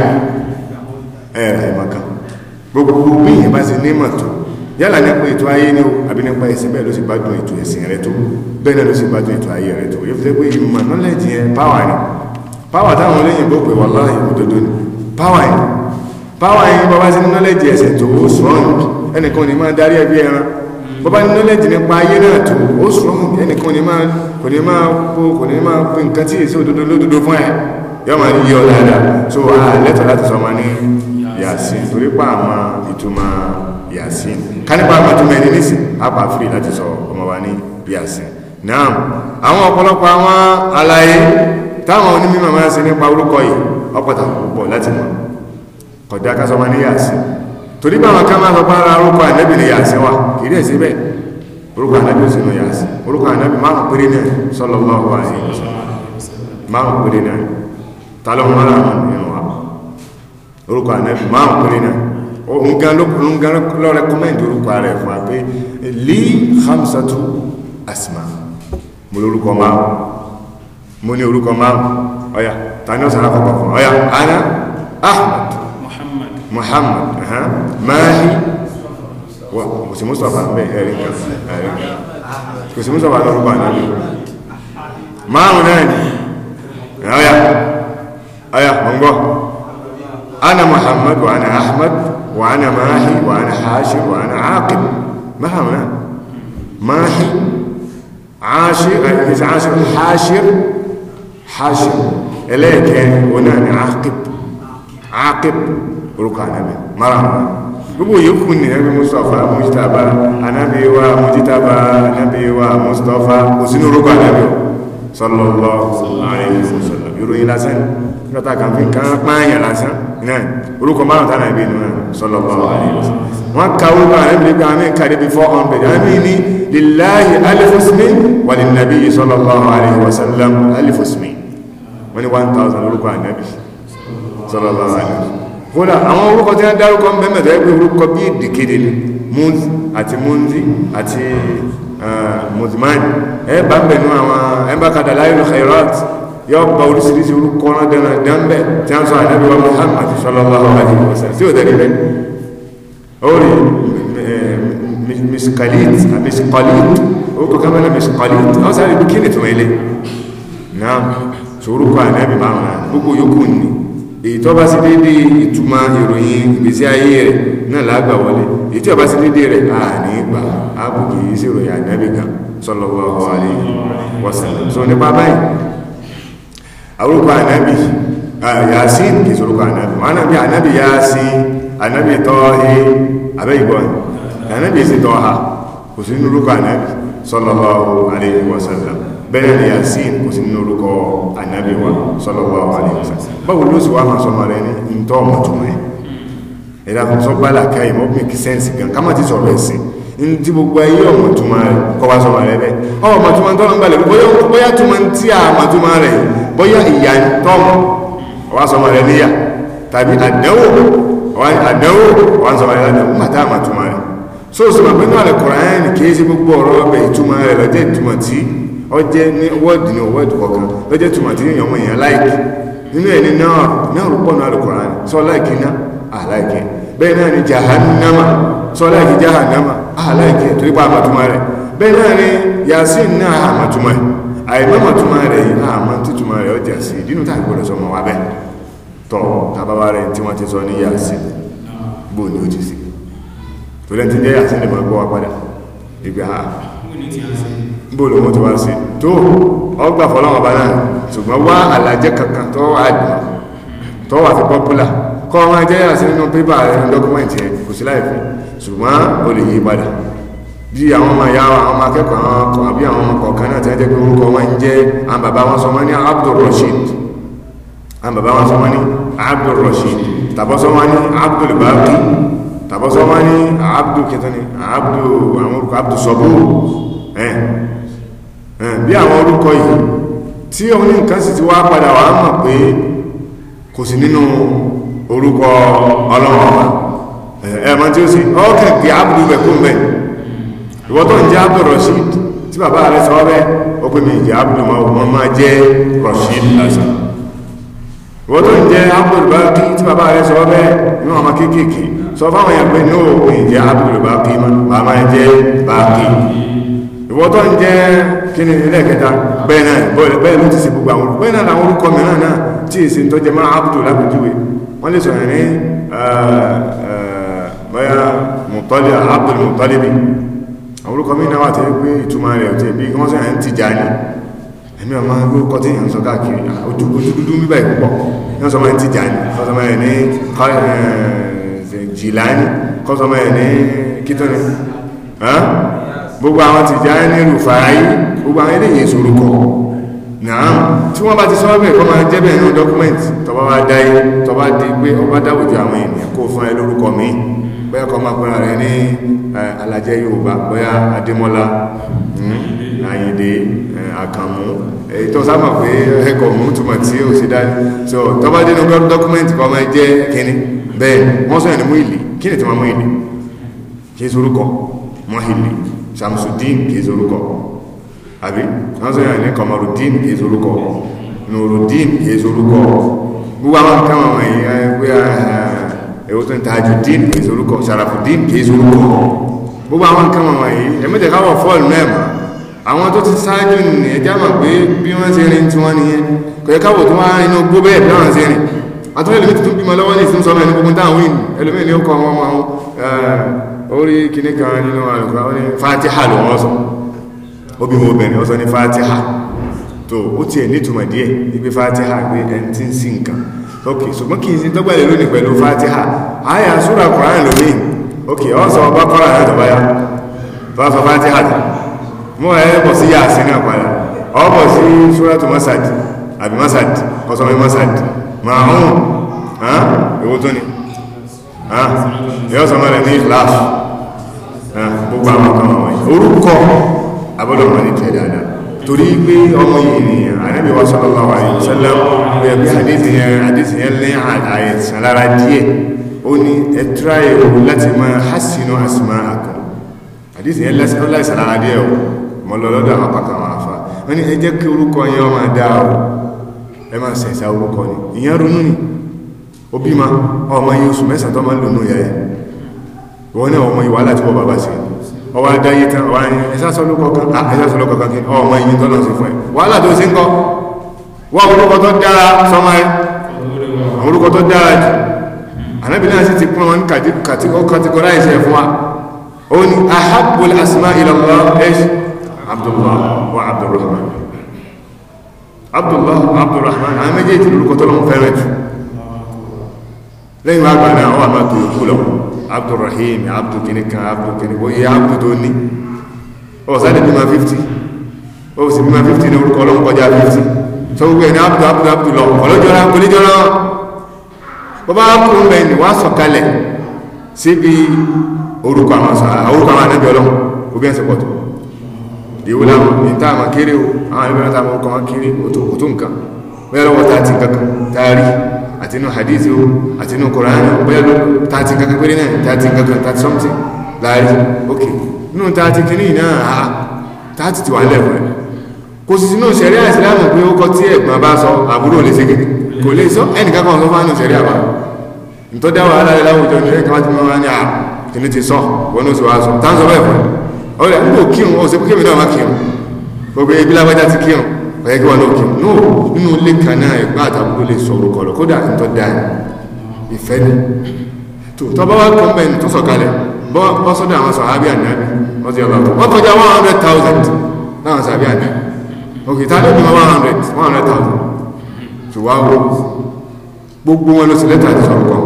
ẹ̀ àìmọ̀kan gbogbo bí èèyàn bá ṣe ní mọ̀ tó yálà nípa ètò ayé ni ó àbí nípa ẹ̀sìn bẹ́ẹ̀ ló sì gbádùn ètò ẹ̀sìn rẹ tó bẹ́ẹ̀ ló sì gbádùn ètò ayé rẹ tó yóò fi pé ìmọ̀ knowledge yẹn power ni power táwọn olóyìnbó pè wà láàyè òdodo ni power ni báwa yìí bàbá sí nọ́lẹ̀jì ẹ̀sẹ̀ tó ó strong ẹnìkan ni máa darí ẹbí ẹran bàbá ní nọ́lẹ̀jì nípa ayé náà tó ó strong ẹnìkan ni máa kò ní máa kó kò ní máa pín nǹkan tí èsì òdodo lódodo fún ẹ yọọ máa yí ọ dáadáa so a lẹ́tọ̀ láti sọ ma ní yasin torí pa àwọn ìtumọ̀ yasin kánípa àwọn ìtumọ̀ ẹni nísìn apá free láti sọ ọmọ wa ní yasin náà àwọn ọ̀pọ̀lọpọ̀ àwọn àlàyé táwọn onímọ̀ máa ń ṣe nípa orúkọ yìí ọ̀pọ̀ta púpọ̀ láti mọ̀ kọ̀dá ká sọmọ ní yàsí torí bá wọn ká máa sọpá ara orúkọ ànábì ní yàsí wà kìí dẹ̀ síbẹ̀ orúkọ ànábì ò sínú yàsí orúkọ ànábì márùn péré náà sallallahu alaihi wasallam márùn péré náà tálọ́ mọ́ra àwọn ènìyàn wa orúkọ ànábì márùn péré náà òun gan ló rẹkọmẹ́ndì orúkọ rẹ̀ fún wa pé lí hamsatu asma mo lórúkọ márùn mo ní orúkọ márùn ọ̀yà tani ọ̀sán akọ̀kọ̀ fún ọ̀yà ana ahmad محمد ها ماهي مصطفى هيرينكا هيرينكا kusimuza wala rubana mao nani haya haya mongo انا محمد وانا احمد وانا ماهي وانا حاشر وانا عاقب ما هنا ماهي عاشر إيه، اذا عاشر حاشر حاشر اليك ونان عاقب عاقب orúkọ ànábì mara gbogbo yòókù ní ẹgbẹ́ mustapha mujitaba ànábì wa mujitaba ànábì wa mustapha kò sínú orúkọ ànábì sallallahu alaihi wasallam ìròyìn lásán lọ́ta kan fi kan pààyàn lásán náà orúkọ márùn-ún tánà ìbí nù sallallahu alaihi wasallam wọ́n ka orúkọ ànábì nípa àmì kàdé bí 400 àmì wà ní nàbí sallallahu alaihi wasallam wọ́n ni 1000 orúkọ ànábì sallallahu alaihi kódà àwọn orúkọ tí wọ́n dárúkọ mẹ́mẹ́ tó yẹ pé orúkọ bí ìdìkéde ni munz àti munzi àti muzman ẹ bá bẹ̀nu àwọn ẹ̀mbàkadà láyé khairat yọ ba oríṣiríṣi orúkọ náà dáná dánbẹ̀ tí wọ́n sọ ànábì wa muhammad sallallahu alaihi wasallam sí òtẹ́lẹ̀ bẹ́ẹ̀ ó rí miskalit miskalit orúkọ kan mẹ́lẹ̀ miskalit wọ́n sáré bí kí ni tó mẹ́lẹ̀ náà sọ orúkọ ànábì gbogbo yòókù ni èyí tó bá sí dédé ìtumọ̀ ìròyìn ìgbésí ayé rẹ̀ náà lágbà wọlé èyí tó bá sí dédé rẹ̀ àní gbà ápù kì í sí ìròyìn ànábì kan sallallahu alaihi wasallam so nípa báyìí orúkọ ànábì Yasin kì í sorúkọ ànábì wọn ànábì ànábì Yasin ànábì Tọ́hí abẹ́yìnbọn ànábì sí Tọ́ha kò sí nínú orúkọ ànábì sallallahu alaihi wasallam bẹ́ẹ̀ ni yasin kò sí nínú orúkọ ànábì wa sallallahu alaihi wasallam báwo ló sì wá máa sọmọ rẹ ní ìtọ́ ọmọ tó mọ́ ẹ ẹ̀dá kan sọ bá làkà ìmọ̀ bí kí sẹ́ǹsì gan ká má ti sọ̀rọ̀ ẹ̀sìn ní ti gbogbo ayé ọmọ tó máa kọ́ wá sọmọ rẹ bẹ́ẹ̀ ọmọ tó máa tọ́ ń balẹ̀ bóyá bóyá tó máa ń tí àmọ́ tó máa rẹ̀ bóyá ọ̀rọ̀ ọbẹ̀ ìtumọ̀ rẹ̀ lọ́jọ́ ìtumọ̀ tí ó jẹ́ ní wọ́ọ̀dì ní èèyàn láìkì nínú ẹni náà náà rúpọ̀ náà sọ láìkì àláìkì bẹ́ẹ̀ náà ni jahannama sọ láìkì jahannama àláìkì torí pa àmàtúmọ̀ rẹ̀ bẹ́ẹ̀ náà ni yasin náà àmàtúmọ̀ rẹ̀ àìmọ́mọ̀túmọ̀ rẹ̀ yìí àmọ́ títúmọ̀ rẹ̀ ọjà sí ìdínú tàbí ti sọ ní yasin bóòlù wọn ti wá sí tó ọgbà fọlọ́wọ́n bá náà ṣùgbọ́n wá àlàjẹ́ kankan tó wà àdùn tó wà fi pọ́pùlà kọ́ wọn jẹ́ yàrá sí nínú pépà rẹ̀ ní dọ́kúmẹ̀ntì ẹ̀ kò sí láì fún ṣùgbọ́n o lè yí padà bí àwọn ọmọ ìyá wa àwọn ọmọ akẹ́kọ̀ọ́ àwọn ọkọ̀ àbí àwọn ọmọ kọ̀ọ̀kan náà ti jẹ́ pé orúkọ wọn jẹ́ àwọn bàbá wọn sọ wọn ní Abdulrasheed àwọn bàbá wọn sọ wọn ní Abdulrasheed tàbọ́sọ wọn ní Abdulbaki tàbọ́sọ wọn ní Abdul kẹtọ́ni Abdul àwọn orúkọ Abdul sọ́bù ẹ̀ bí àwọn orúkọ yìí tí òun ní nǹkan sì ti wá padà wà mọ̀ pé kò sí nínú orúkọ ọlọ́run ọba tí ó sì ọ́kẹ̀ pé ábùdú mẹ́kún ń jẹ́ ábùdú Rashid tí bàbá rẹ̀ sọ bẹ́ẹ̀ ó pè mí ìjẹ́ jẹ́ Rashid lásán ìwọ́n tó ń jẹ́ ábùdú Baqi tí bàbá rẹ̀ sọ bẹ́ẹ̀ inú ọmọ kéékèèké sọ fáwọn èèyàn pé ní òun ìjẹ́ ábùdú kí ni ilé ẹ̀kẹta bẹ́ẹ̀ náà bẹ́ẹ̀ ló ti sì gbogbo àwọn orúkọ bẹ́ẹ̀ náà làwọn orúkọ mìíràn náà tí èsì ń tọ́jẹ máa ábùdó lápẹjúwe wọ́n lè sọ̀rọ̀ ní bọ́yá mọ̀tọ́lẹ̀ ábùdó mọ̀tọ́lẹ̀ bí àwọn orúkọ mìíràn wà tẹ́lẹ̀ pé ìtumọ̀ rẹ̀ ọ̀tẹ̀ bí wọ́n sọ̀rọ̀ ní Tìjàní ẹ̀mí ọmọ orúkọ tí èèyàn sọ káàkiri ojú dúdú bíbá ìpọ̀ wọ́n sọ gbogbo àwọn Tìjàní Rùfáì gbogbo àwọn eléyìn ìṣòro kọ náà tí wọ́n bá ti sọ bẹ́ẹ̀ kọ́ máa jẹ́ bẹ́ẹ̀ nínú document tọba wá dáyé tọba di pé ọba dáwòjú àwọn ènìyàn kó fún ẹ lórúkọ mi bóyá kọ́ máa pẹ́ra rẹ ní alajẹ Yorùbá bóyá Adémọ́lá Àyìndé hmm, Àkànmú èyí tó sábà pé ẹkọ̀ mú túmọ̀ tí ó sì dá so tọba dínú document kọ́ máa jẹ́ kínní bẹ́ẹ̀ wọ́n sọ ẹ̀ ní mú ìlì kí ni tí wọ́n mú ìlì kí é sorúkọ mọ́ ìlì Shamsuddin kìí sorúkọ àbí wọ́n sọ yàn ní Kọmọrùdín kìí sorúkọ Nùrùdín kìí sorúkọ gbogbo àwọn nǹkan àwọn èèyàn pé ẹ̀wọ́ tó ń Tajuddin kìí sorúkọ Sharafudin kìí sorúkọ gbogbo àwọn nǹkan àwọn èèyàn ẹ̀mẹ́tẹ̀ káwọ̀ fọ́ọ̀lù náà mọ̀ àwọn tó ti sáájú ní ẹjá mọ̀ pé bí wọ́n ṣe rìn tí wọ́n nìyẹn kò yẹ káwọ̀ tó wá inú gbó bẹ́ẹ̀ bí wọ́n ṣe rìn àtúnlẹ̀ tuntun bímọ lọ́wọ́ ní ìsinmi ẹni gbogbo táwọn wíìn ẹlòmíì ní ó kọ ọmọ orí kìíní kan nínú àrùkúrá wọ́n ni fatiha ló wọ́n sọ obìnrin obìnrin wọ́n sọ ní fatiha tó ó tiẹ̀ nítumọ̀ díẹ̀ ibi fatiha pé ẹni tí ń sí nǹkan ok ṣùgbọ́n kìí sí tọ́gbàlẹ̀ lónìí pẹ̀lú fatiha àyà súra kùránì lómi ok wọ́n sọ ọba kọ́ra láti ọba ya tó fatiha tó mú ẹ bọ̀ sí yàásí náà padà ọ masad àbí masad ọsọ mi masad màá hàn án èwo tó yọ́ sọmọ rẹ̀ ní ìkìláàsì gbogbo àwọn kan wọ̀nyí orúkọ abọ́dọ̀ mọ̀ ní tẹ́ dáadáa torí pé ọmọ yìí ni ànábì wa sallallahu alaihi wasallam pé ẹgbẹ́ àdéhìí yẹn àdéhìí yẹn lé àìsàn lára díẹ̀ ó ní ẹtura ìwò láti máa hásínú àsìmá àkọ́ àdéhìí yẹn lẹ́sìn láìsàn lára díẹ̀ o mọ̀ lọ́lọ́dọ̀ àwọn pàkà wọ́n ní ẹ jẹ́ ọmọ dáa ìyẹn ronú ni ó bí ma ọmọ yìí oṣù mẹ́sàn tó máa ń lónú yẹ wọ́n ní ọmọ ìwà láti wọ́ bàbá sí ọwọ́ adáyé tán wà ní ẹsásọ́lọ́kọ̀ kankan ọmọ yìí ah, tọ́lọ̀ sí fún ẹ wàhálà tó sí ń kọ́ wọ́n orúkọ tó dára sọmọ ẹ orúkọ tó dára jù anábìlẹ̀ náà sì ti pọ́n wọn kàtíkọ́ráìsì ẹ̀ wa ó abdullah wa abdulrahman abdullah abdulrahman àwọn méjèèjì lórúkọ tó lọ́wọ́ lẹ́yìn wá gbà náà wọ́n àmà tó yòókù lọ abdulrahim abdul kini kan abdul kini kan iye abdul tó ní ọ̀sán ìbímọ 50 ó sì bímọ 50 ní orúkọ ọlọ́run kọjá 50 sọ gbogbo ẹni abdul abdul abdul lọ ọlọ́jọ́ra kọlẹ́jọ́ra bọ́bá abdul mẹ́ni wá sọ̀kalẹ̀ síbi orúkọ àwọn orúkọ àwọn anábì ọlọ́run obìnrin sì pọ̀tọ̀ ìwò láwọn ní tá àmà kéré o àwọn ẹgbẹ̀rún tá àmà ọkọ̀ wọn kéré òtò nǹkan mẹ́rọ wọ́n tá àti nǹkan kan tá a rí àti inú hadithi o àti inú kòránì bóyá ló tààtì kankan péré náà tààtì kankan tààtì something láàrin ok inú tààtì kìíní náà a tààtì ti wà lẹ́fọ̀ ẹ̀ kò sì sínú sẹ̀rí àìsílámù pé ó kọ́ tí ẹ̀gbọ́n bá sọ àbúrò lè ṣege kò lè sọ ẹnìkan kan sọ fánù sẹ̀rí àbá nítorí dáwọ̀ aláàrẹ láwùjọ ní ẹ̀ka tí wọ́n ní à kìíní ti sọ wọn ó wá sọ táǹsọ̀ bẹ́ẹ̀ fọ́ ẹgbẹ́ wọn lókè no nínú ilé kan náà ẹgbẹ́ àtàbúrò lè sọ̀rọ̀ kọ̀rọ̀ kódà ń tọ́ da ìfẹ́ ni tó tọ́ bá wá kọ́ mẹ́rin tó sọ̀kalẹ̀ bọ́ sọ́dọ̀ àwọn sàhábí ànábì wọ́n ti ọba wọ́n kọjá 100,000 láwọn sàhábí ànábì òkè tàbí ọmọ 100 100,000 tó wá wó gbogbo wọn ló sì lẹ́tà àti sọ̀rọ̀ kan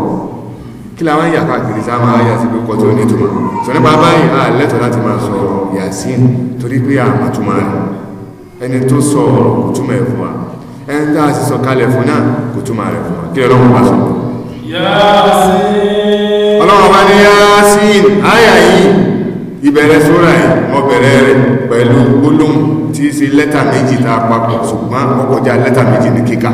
kí la wá ń yà káàkiri sáà máa yà sí pé kọ́ tó ní ìtumọ̀ sọ nípa báyìí a lẹ́tọ̀ láti máa sọ yàsín torí pé àmàtúmọ̀ rẹ̀ ẹni tó sọ ọ̀rọ̀ kò túmọ̀ ẹ̀ fún wa ẹni tá a sì sọ kalẹ̀ fún náà kò túmọ̀ rẹ̀ fún wa kí ọlọ́run bá sọ. ọlọ́run bá ní Yasin àyà yìí ìbẹ̀rẹ̀ sóra yìí ọbẹ̀rẹ̀ rẹ̀ pẹ̀lú gbólóhùn tí í ṣe lẹ́tà méjì tá a papọ̀ ṣùgbọ́n ọkọjá lẹ́tà méjì ní kíkà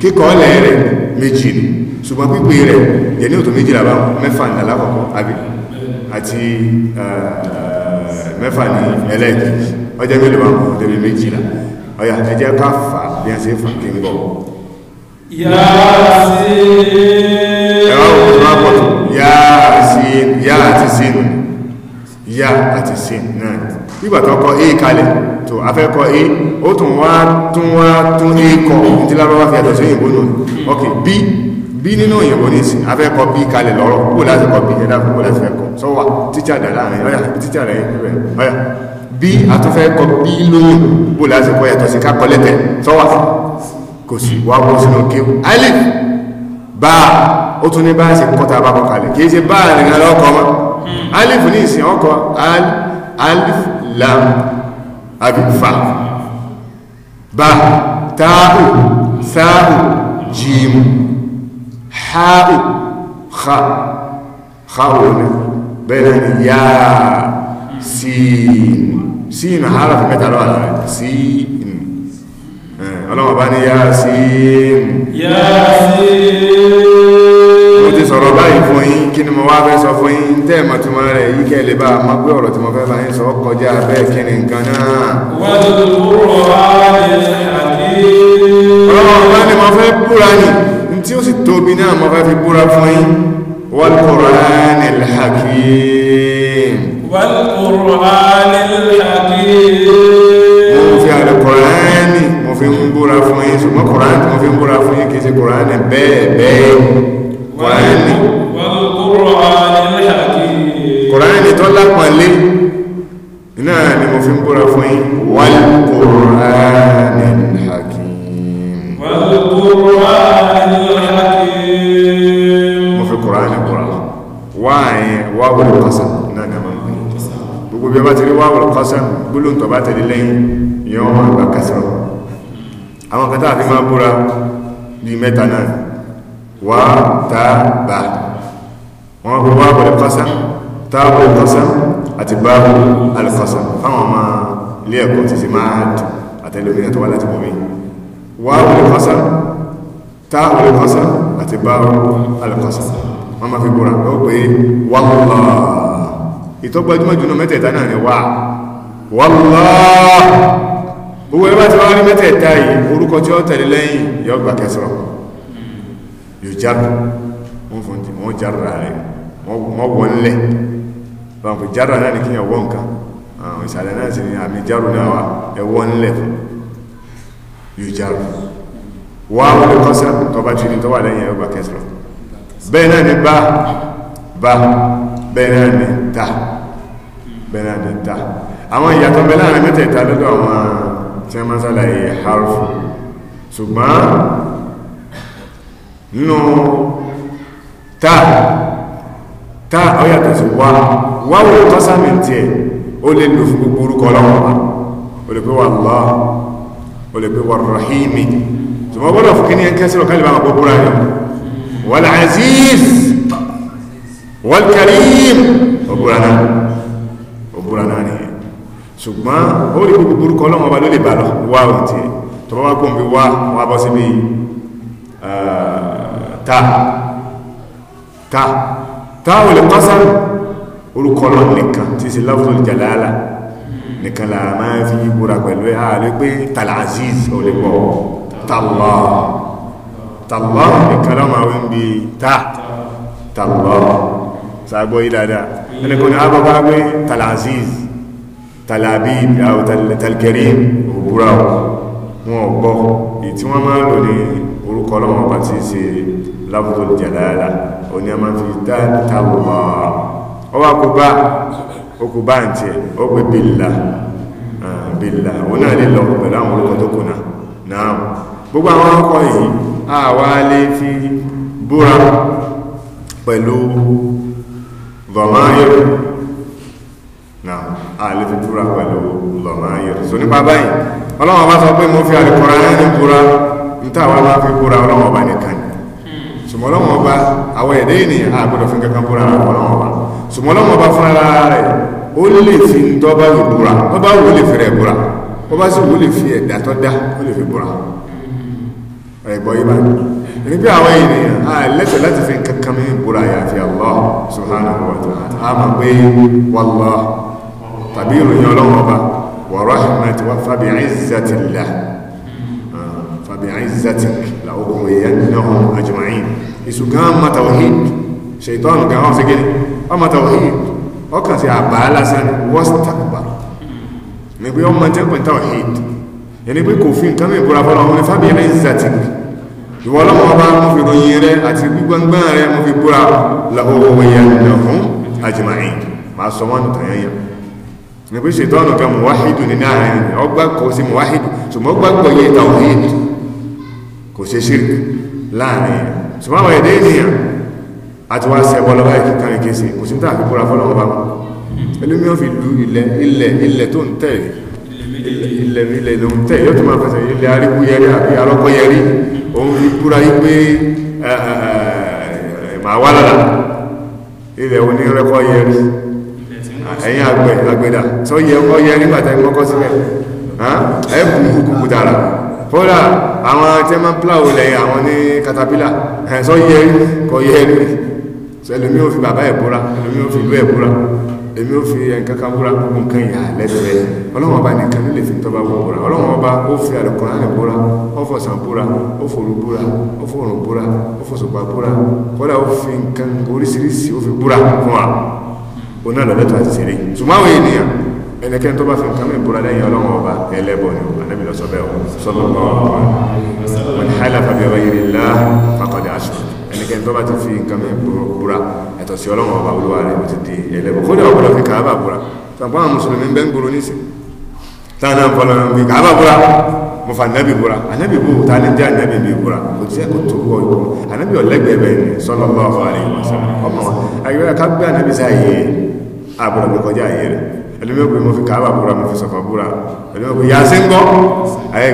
kíkọ́ ọ̀lẹ̀ rẹ̀ méjì ni ṣùgbọ́n pípé rẹ̀ yẹn ní òtò méjìlá bá mẹ́fà ní alákọ̀ọ́kọ́ àbí àti mẹ́fà ní ẹlẹ́ẹ̀kejì ọjọ́ mélòó bá kún débi méjìlá ọ̀yà ẹjẹ́ ká fà bí wọ́n ṣe fà kí n bọ̀. ẹ̀rọ òkú tó bá pọ̀ tó yá àti sin yá àti sin náà nígbà tó kọ èé kalẹ̀ tó afẹ́kọ èé ó tún wá tún wá tún èé kọ ní lábáwá fi àtọ̀ sí òyìnbó náà ok bí bí nínú òyìnbó ní sí afẹ́kọ bí kalẹ̀ lọ́rọ̀ kó láti kọ bí ẹ̀dá kó láti fẹ́ kọ sọ́wà tíjà dà láàrin ọ̀yà tíjà rẹ̀ ọ̀yà bí a tún fẹ́ kọ bí lóyún bó láti kọ yàtọ̀ sí kákọ lẹ́tẹ̀ sọ́wà kò sí wà bó sínú kéwù alif bá ó tún ní bá sí kọta bá kọ kalẹ̀ kìí ṣe bá nìkan lọ́kọ mọ́ alif ní ìsìn ọkọ alif lam àbí fa bá táàù sáàù jíìmù háàù ha ha òun bẹ́ẹ̀ ni yáà síìnì sí ìnà hálà fún mẹ́ta lọ́wọ́ rẹ̀ sí ìnà ọlọ́wọ́ bá ní yáà sí ìnà mo ti sọ̀rọ̀ báyìí fún yín kí ni mo wá fẹ́ sọ fún yín tẹ́ ẹ̀mọ̀ tí mo rẹ̀ yí kẹ́ lè bá mọ́ pé ọ̀rọ̀ tí mo fẹ́ bá yín sọ kọjá bẹ́ẹ̀ kí ni nǹkan náà ọlọ́wọ́ bá ní mo fẹ́ búra ní tí ó sì tóbi náà mo fẹ́ fi búra fún yín wal Qur'anil Hakim والقرآن الحكيم mo fi àlùkùránì mo fi ń búra fún yín ṣùgbọ́n kùránì tí mo fi ń búra fún yín kìí ṣe kùránì bẹ́ẹ̀ bẹ́ẹ̀ kùránì kùránì والقرآن الحكيم والقرآن الحكيم mo fi kùránì búra wáyé wáwọ̀ gbogbo ọba ti rí wáwọ̀ kọ́sán gbólóhùn tó bá tẹ̀lé lẹ́yìn ìyẹn wọn máa gbà kásìrọ̀ àwọn kan táà fi máa búra bíi mẹ́ta náà wá tá bá wọn kò wáwọ̀ kọ́sán táwọ̀ kọ́sán àti báwọ̀ alùkọ́sán fáwọn ọmọ ilé ẹ̀kọ́ ti sì máa àtẹlómìnà tó wá láti bọ̀ mí wáwọ̀ kọ́sán táwọ̀ kọ́sán àti báwọ̀ alùkọ́sán wọn máa fi búra ó pé wáwọ̀ ìtọ́gbajúmọ̀ jùlọ mẹ́tẹ̀ẹ̀ta náà ni wà wallahi owó ẹbá tí wọ́n rí mẹ́tẹ̀ẹ̀ta yìí orúkọ tí ó tẹ̀lé lẹ́yìn yóò gbà kẹsọ̀rọ̀ yóò jábù wọ́n fún ti wọ́n jára rẹ̀ wọ́n wọ́n lẹ̀ bá wọn fi jára náà ní kíyàn wọ́n nǹkan àwọn ìsàlẹ̀ náà bẹ́nàdẹ̀ta bẹ́nàdẹ̀ta àwọn ìyàtọ̀ bẹ láàrin mẹ́tẹ̀ẹ̀ta lọ́dọ̀ àwọn tí a máa sálàyé harfu ṣùgbọ́n nínú ta ta ó yàtọ̀ sí wá wáwò tọ́sàmìntì ẹ̀ ó lè lò fún gbogbo orúkọ ọlọ́wọ́ ó lè pé wallah ó wal karim ọgbùrànà ọgbùrànà ni ṣùgbọ́n ó rí gbogbo orúkọ ọlọ́run ọba ló lè bà lọ wá òun tí tó bá wá kó bí wá wá bọ́ sí bí ta ta ta ò lè pásá orúkọ ọlọ́run nìkan tí sí lafzul jalala nìkan là máa fi búra pẹ̀lú ààrẹ pé talaziz ò lè pọ̀ tallah tallah nìkan lọ́mọ àwọn ibi ta tallah sàgbọ́ yí dáadáa ẹni kò ní agbọ́gbá pé talaziz talabib àwọn talkerim òbúra wọn ọgbọ́ èyí tí wọ́n máa lò ní orúkọ ọlọ́wọ́n bá ti ṣe lábúrò jàdáàlá o ní a máa fi dáadáa ọ wá kó bá okù bá ń tiẹ̀ ó pé bílá gbogbo àwọn ọkọ yìí àwa fi búra pẹ̀lú dọ̀máyẹ̀rù náà àlè fi búra pẹ̀lú dọ̀máyẹ̀rù so nípa báyìí ọlọ́wọ́n bá sọ pé mo fi àlùkọ́ra ní búra níta àwọn bá fi búra ọlọ́wọ́n bá nìkan ṣùgbọ́n ọlọ́wọ́n bá àwọn ẹ̀dẹ́ ènìyàn àgbọ̀dọ̀ fi kankan búra ọlọ́wọ́n bá ṣùgbọ́n ọlọ́wọ́n bá fúnra rẹ̀ ó lè fi dọ́bà lù búra dọ́bà wò lè fi rẹ̀ búra ó bá sì wò lè fi ẹ̀dà tó dá ó lè fi búra ẹ̀gbọ́ yìí báyìí ní pé àwọn ènìyàn a lẹ́tọ̀ láti fi kankan mi búra àyàfi Allah subhanahu wa ta'ala a mọ̀ pé wallah tàbí ìròyìn ọlọ́wọ́ ọba wa rahmat wa fabi izzatillah fabi izzatik la ughwiyannahum ajma'in isu gan ma tawhid shaitan gan wọn segin ọmọ tawhid ọkàn sí àbá lásán wastakbar ní pé ọmọ jẹ́ pẹ̀ntawhid ẹni pé kò fi nǹkan mi búra fọlọ́ ọmọ ní fabi izzatik ìwọ ọlọ́wọ́ bá mú fi ròyìn rẹ àti gbígbọ́ngbọ́n rẹ mú fi búra lọ́wọ́ yẹn fún àjìmáyìn máa sọ wọ́n tàn yẹn ní pé ṣètọ́nù kan mọ̀wáhìdù ní láàrin ọgbà kò sí mọ̀wáhìdù ṣùgbọ́n gbàgbọ́ yẹ tawhid kò ṣe ṣírk láàrin ṣùgbọ́n àwọn ẹ̀dẹ́ ènìyàn àti wá sẹ́bọ́ lọ́wọ́ ẹ̀kí kan ní kéṣe kò sí ní tàbí búra fọ́lọ́wọ́ bá wọn ẹlòmíràn fi lu ilẹ̀ ilẹ̀ ilẹ̀ tó ń tẹ̀lé ilẹ̀ ilẹ̀ ló ń tẹ̀lé yóò tó máa fẹsẹ̀ ilẹ̀ arígbó àbí arọ́kọ́ òun fi búra yí pé màá wá lára ilẹ̀ òní rẹ́kọ́ yẹrí ẹ̀yìn àgbẹ̀ àgbẹ̀dà tó yẹ ọkọ̀ yẹrí bàtà ìkọ́kọ́ sílẹ̀ ẹ̀kùn kùkù dára kódà àwọn tẹ́ máa ń pláwò lẹ́yìn àwọn ní katapila ẹ̀ yẹrí kọ yẹrí ẹlòmí ò fi bàbá ẹ̀ búra ò fi ìlú ẹ̀ èmi ò fi ẹnkan kan búra gbogbo nǹkan ìyá lẹ́sẹ̀rẹ́ ọlọ́wọ́n ọba nìkan ló lè fi tọ́ba wọ búra ọlọ́wọ́n ọba ó fi àlùkùránì búra ó fọ̀sán búra ó fòru búra ó fòrùn búra ó fòṣùpá búra kódà ó fi nǹkan oríṣiríṣi ó fi búra fún wa ó náà lọ́lẹ́tọ̀ àti ṣeré ṣùgbọ́n àwọn ènìyàn ẹnikẹ́ni tó bá fi nǹkan mìíràn búra lẹ́yìn ọlọ́wọ́n ọba ẹlẹ́bọ̀ ni ẹnikẹ́ni tó bá ti fi nǹkan mi búra ẹ̀tọ́ sí ọlọ́run ọba olúwa rẹ̀ ó ti di ẹlẹ́bọ̀ kódà ọ̀gbọ́dọ̀ fi kàábà búra tàbá àwọn mùsùlùmí ń bẹ́ ń gbòrò nísìn tàbí àwọn fọlọ́run fi kàábà búra mo fa anabi búra anabi bò tá ní jẹ́ anabi mi búra kò tí ẹ kò tó kọ ikú anabi ọ̀lẹ́gbẹ̀ẹ́ bẹ́ẹ̀ ni sallallahu alaihi wasallam ọmọ ayọ̀ ká gbé anabi sí ayé àbúrò mi kọjá ayé rẹ̀ ẹlẹ́mi ọ̀gbẹ́ mo fi kàábà búra mo fi sọ̀fà búra ẹlẹ́mi ọ̀gbẹ́ yàá sí ń gbọ́ ayé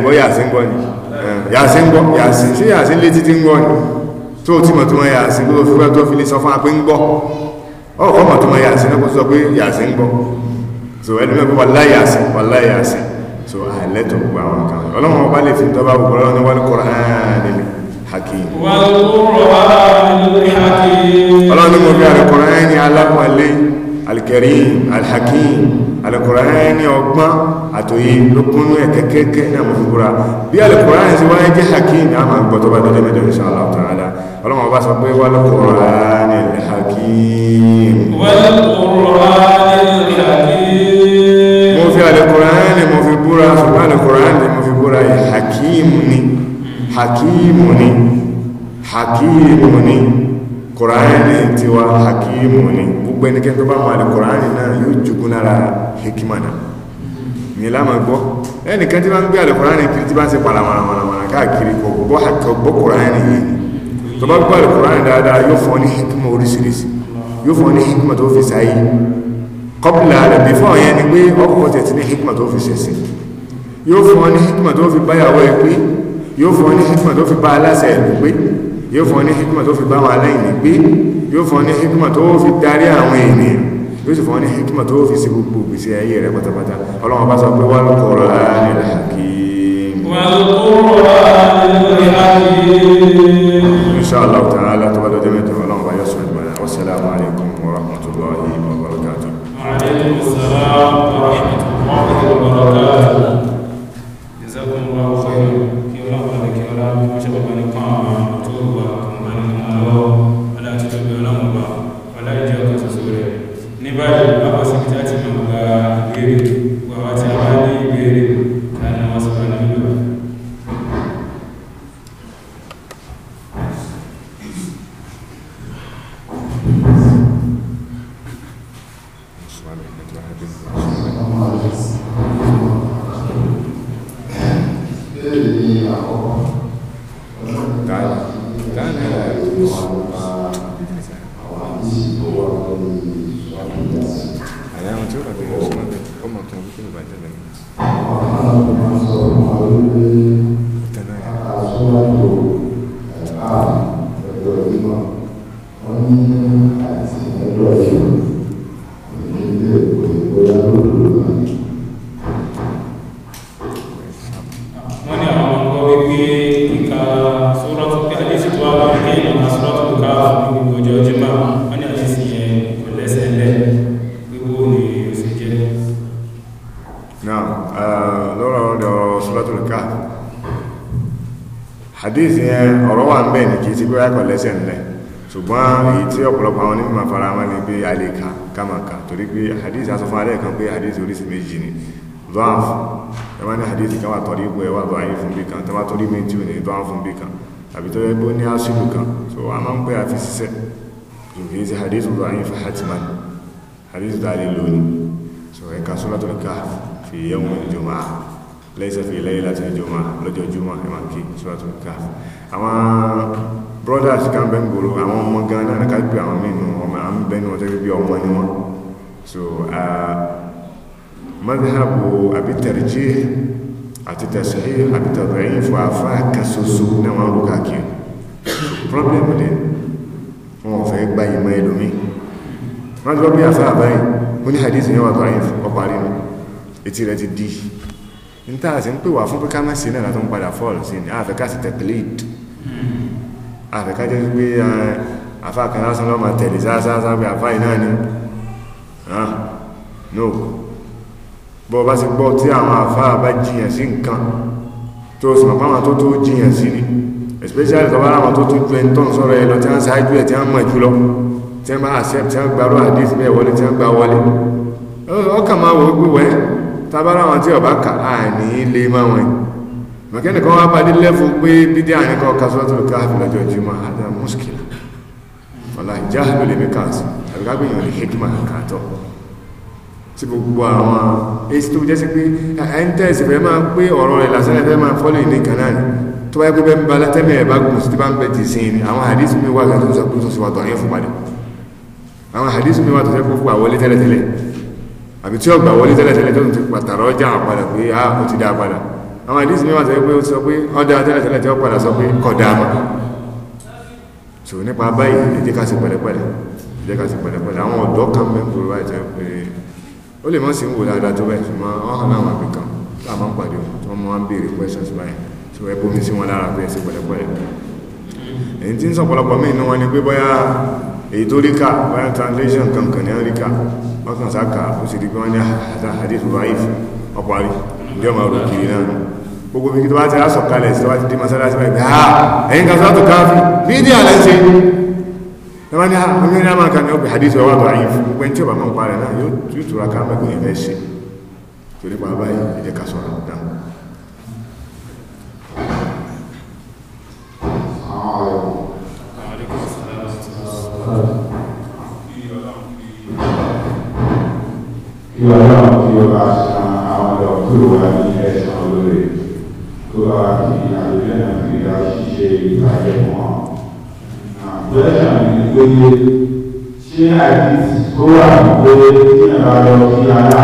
gbọ́ tó o ti mọ̀ tó mọ̀ yàásí ló fi gbọ́ tó fi lè sọ fún apé ń gbọ́ ọ̀kọ́ mọ̀ tó mọ̀ yàásí lọ́kọ́ sọ pé yàásí ń gbọ́ so ẹni mẹ́kọ́ wà láyàásí wà láyàásí so àìlẹ́tọ̀ gbogbo àwọn kan ọlọ́run ọba lè fi tọ́ba gbogbo ọlọ́run níwájú Kùránì hakim ọlọ́run ní mo fi Al-Kùránì alápọ̀lé Al-Karim Al-Hakim Al-Kùránì ọgbọ́n àtòyí lókúnú ẹ̀ kẹ́kẹ́kẹ́ náà mo bí Al-Kùránì sí wáyé jẹ́ hakim ní a máa gbọ́ tọ́ba dọ́dẹ́ mẹ́jọ insha Allah ọlọ́run ọba sọ pé wal Qur'anil Hakim wal Qur'anil Hakim mo quran mo fi búra quran mo fi búra yìí hakim ni hakim ni hakim ni tiwa hakimu ni gbogbo ẹnikẹ́ni tó bá mọ̀ àdì kùránì náà yóò jùgún lára hikimana ní lámà gbọ́ ẹnìkan tí bá ń gbé àdì kùránì kiri tí bá ń ṣe pàlàmàràmàrà káàkiri kò gbọ́ kùránì yìí tó bá gbọ́ alìkùránì dáadáa yóò fún ọ ní hikima oríṣiríṣi yóò fún ọ ní hikima tó fi sáyé kọ́pìlà rẹ̀ bí fún ọ̀yẹn ni pé ọkọ̀ tẹ̀ ti ní hikima tó fi ṣẹ̀ṣì yóò fún ọ ní hikima tó fi báyàwó ẹ pé yóò fún ọ ní hikima tó fi bá aláṣẹ ẹ̀lú pé yóò fún ọ ní hikima tó fi bá wọn aláìní pé yóò fún insha Allah ta'ala tó bá dọjọ́ mẹ́jọ ọlọ́run bá yọ sọ̀rọ̀ ìgbàlá alaikum wa rahmatullahi wa barakatuh. alaikum salam wa rahmatullahi wa barakatuh. sórọ́tù àdísì tó wà lórí kí ìlànà sórọ́tù ká ní gbogbo ọjọ́ jimá wọ́n ní àdísì yẹn kò lẹ́sẹ̀ lẹ́ gbogbo ní oṣù jẹ́ lọ́rọ̀ ọ̀rọ̀ sórọ́tù ká àdísì yẹn ọ̀rọ̀ wà ń bẹ̀ ní kí ti gbé rákọ̀ lẹ́sẹ̀ lẹ́ ṣùgbọ́n èyí tí ọ̀pọ̀lọpọ̀ àwọn onímọ̀ fara wọn ni pé a lè ká máa torí pé àdísì asọ́fún alẹ́ kan pé àdísì oríṣi méjì ni dọ́ọ̀f ẹ̀rọ ní hadithi kan wà tọ́rí ipò ẹwà dọ́ ayé fún bí kan tẹ́wà torí méjì ní dọ́ọ̀ fún bí kan tàbí tó yẹ pé ó ní aṣílù kan tó a máa ń pè àfi ṣiṣẹ́ kì í ṣe hadith dọ́ ayé fún hatiman hadith dọ́ alẹ́ lónìí so ẹ̀ka sọ́lá tó ká fi yẹ wọn ìjọba lẹ́sẹ̀ fi lẹ́yìn láti ìjọba lọ́jọ́ jùmọ̀ ẹ̀ máa kí sọ́lá tó ká àwọn brothers kan bẹ́ ń gbòòrò àwọn ọmọ gan náà ká pè àwọn mí nù ọmọ àwọn bẹ́ẹ̀ ni wọ́n tẹ́ bí ọmọ ni wọ́n so uh, madhabu àbí tarjih àti tasihih àbí tad'if fún afá kasoso ní àwọn olùkàkí problem ni wọn fẹ́ gba ìmọ̀ ẹlòmí wọ́n lọ bí afá àbáyé ó ní hadith yẹn wà tó àyè ọparí ni etí rẹ̀ ti di ní táà sí ń pè wà fún pé ká má sí náà tó ń padà fọ́ọ̀lù sí ni àfẹ́ ká sì tẹ̀kílẹ̀d jẹ́ pé afá kan lásán lọ́mọ tẹ̀lé sáásáásá pé afá yìí ni ah, no bọ́ bá sì gbọ́ tí àwọn àfáà bá jiyàn sí nǹkan tó sì mọ̀ páwọn tó tó jiyàn sí ni especially tó bá ráwọn tó tó ju ẹni tó ń sọ̀rọ̀ ẹ lọ tí wọ́n ṣáájú ẹ̀ tí wọ́n mọ̀ jù lọ tí wọ́n bá accept tí wọ́n gbarú àdís bẹ́ẹ̀ wọlé tí wọ́n gbà wọlé ọkàn máa wò gbé wẹ́ tábára wọn tí ọba kà á ní ilé máa wọn mọ̀kẹ́ni kan wá padì lẹ́fún pé bídí àyìn kan ká sọ́tò lọ́jọ́ jùmọ̀ àdá mùsùkìlà ọ̀la ìjáhàlú lè mẹ́kà sí àbíkágbìyàn lè hekima sí gbogbo àwọn èsì tó jẹ́ sí pé ẹ̀ńtẹ́sì fẹ́ máa pé ọ̀rọ̀ rẹ̀ lásán ẹ̀fẹ́ máa fọ́lọ̀ ilé kan náà tó bá yẹ pé bẹ́ẹ̀ ń ba látẹ́lẹ̀ ẹ̀ bá gùn sí ti bá ń bẹ ti sìn ní àwọn àdísù mi wà tó sọ pé tó sì wà tọ̀ yẹn fún padà àwọn àdísù mi wà tó sọ pé fún àwọlé tẹ́lẹ̀tẹ́lẹ̀ àbí tí ọgbà wọlé tẹ́lẹ̀tẹ́lẹ̀ tó ti pàtàrọ̀ já padà pé a ah, kò ti dá padà àwọn àdísù mi wà tó sọ pé ọ̀dà tẹ́lẹ̀tẹ́lẹ̀ tí ó padà sọ pé kọ̀ dá mọ́ so nípa báyìí ẹ jẹ́ ká ṣe pẹ̀lẹ́pẹ̀lẹ́ ẹ jẹ́ ká ṣe pẹ̀lẹ́pẹ̀lẹ́ àwọn ọ̀dọ́ kan mẹ́kúrú wáyé tẹ́ pé ó lè mọ́ sí ń wò dáadáa tó bẹ́ẹ̀ ṣùgbọ́n wọ́n hàn láwọn àgbẹ̀ kan láàmú pàdé wọn mọ́ wọn béèrè questions báyìí tí wọ́n bomi sí wọn lára bẹ́ẹ̀ sí pẹ̀lẹ́pẹ̀lẹ́ èyí tí ń sọ̀pọ̀lọpọ̀ mí inú wọn ni pé bóyá èyí tó ríkà bóyá translation kankan ní ríkà wọ́n kàn sáka ó sì rí pé wọ́n ní hadith raif ọparí ìdí ọmọ ọ̀rọ̀ kiri náà gbogbo bí tó bá ti rásọ̀ kalẹ̀ sí tó bá ti dé masalasi báyìí ah, ẹ̀yìn kan sọ́tò káfí bídí àlẹ́ ń ṣe wọ́n ní ah, ọmọdé náà máa kàn ní ọgbẹ̀ hadith ọwọ́ àbọ̀ àyífù gbogbo tí ó bá máa ń parẹ̀ náà yóò túra ká mẹ́gbẹ̀ ìfẹ́ ṣe torí pa báyìí ìdẹ́ ká sọ̀rọ̀ dáhùn Ìyọ̀lá kí ó bá san àwọn ọ̀dọ́ tó wà ní ẹ̀sán lórí tó bá kí àlùjẹ́ náà fi dá ṣíṣe ìgbàjẹ́ wọn question ni ṣé àìsí tó wà pé kí ẹ̀rọ ayọ̀ ara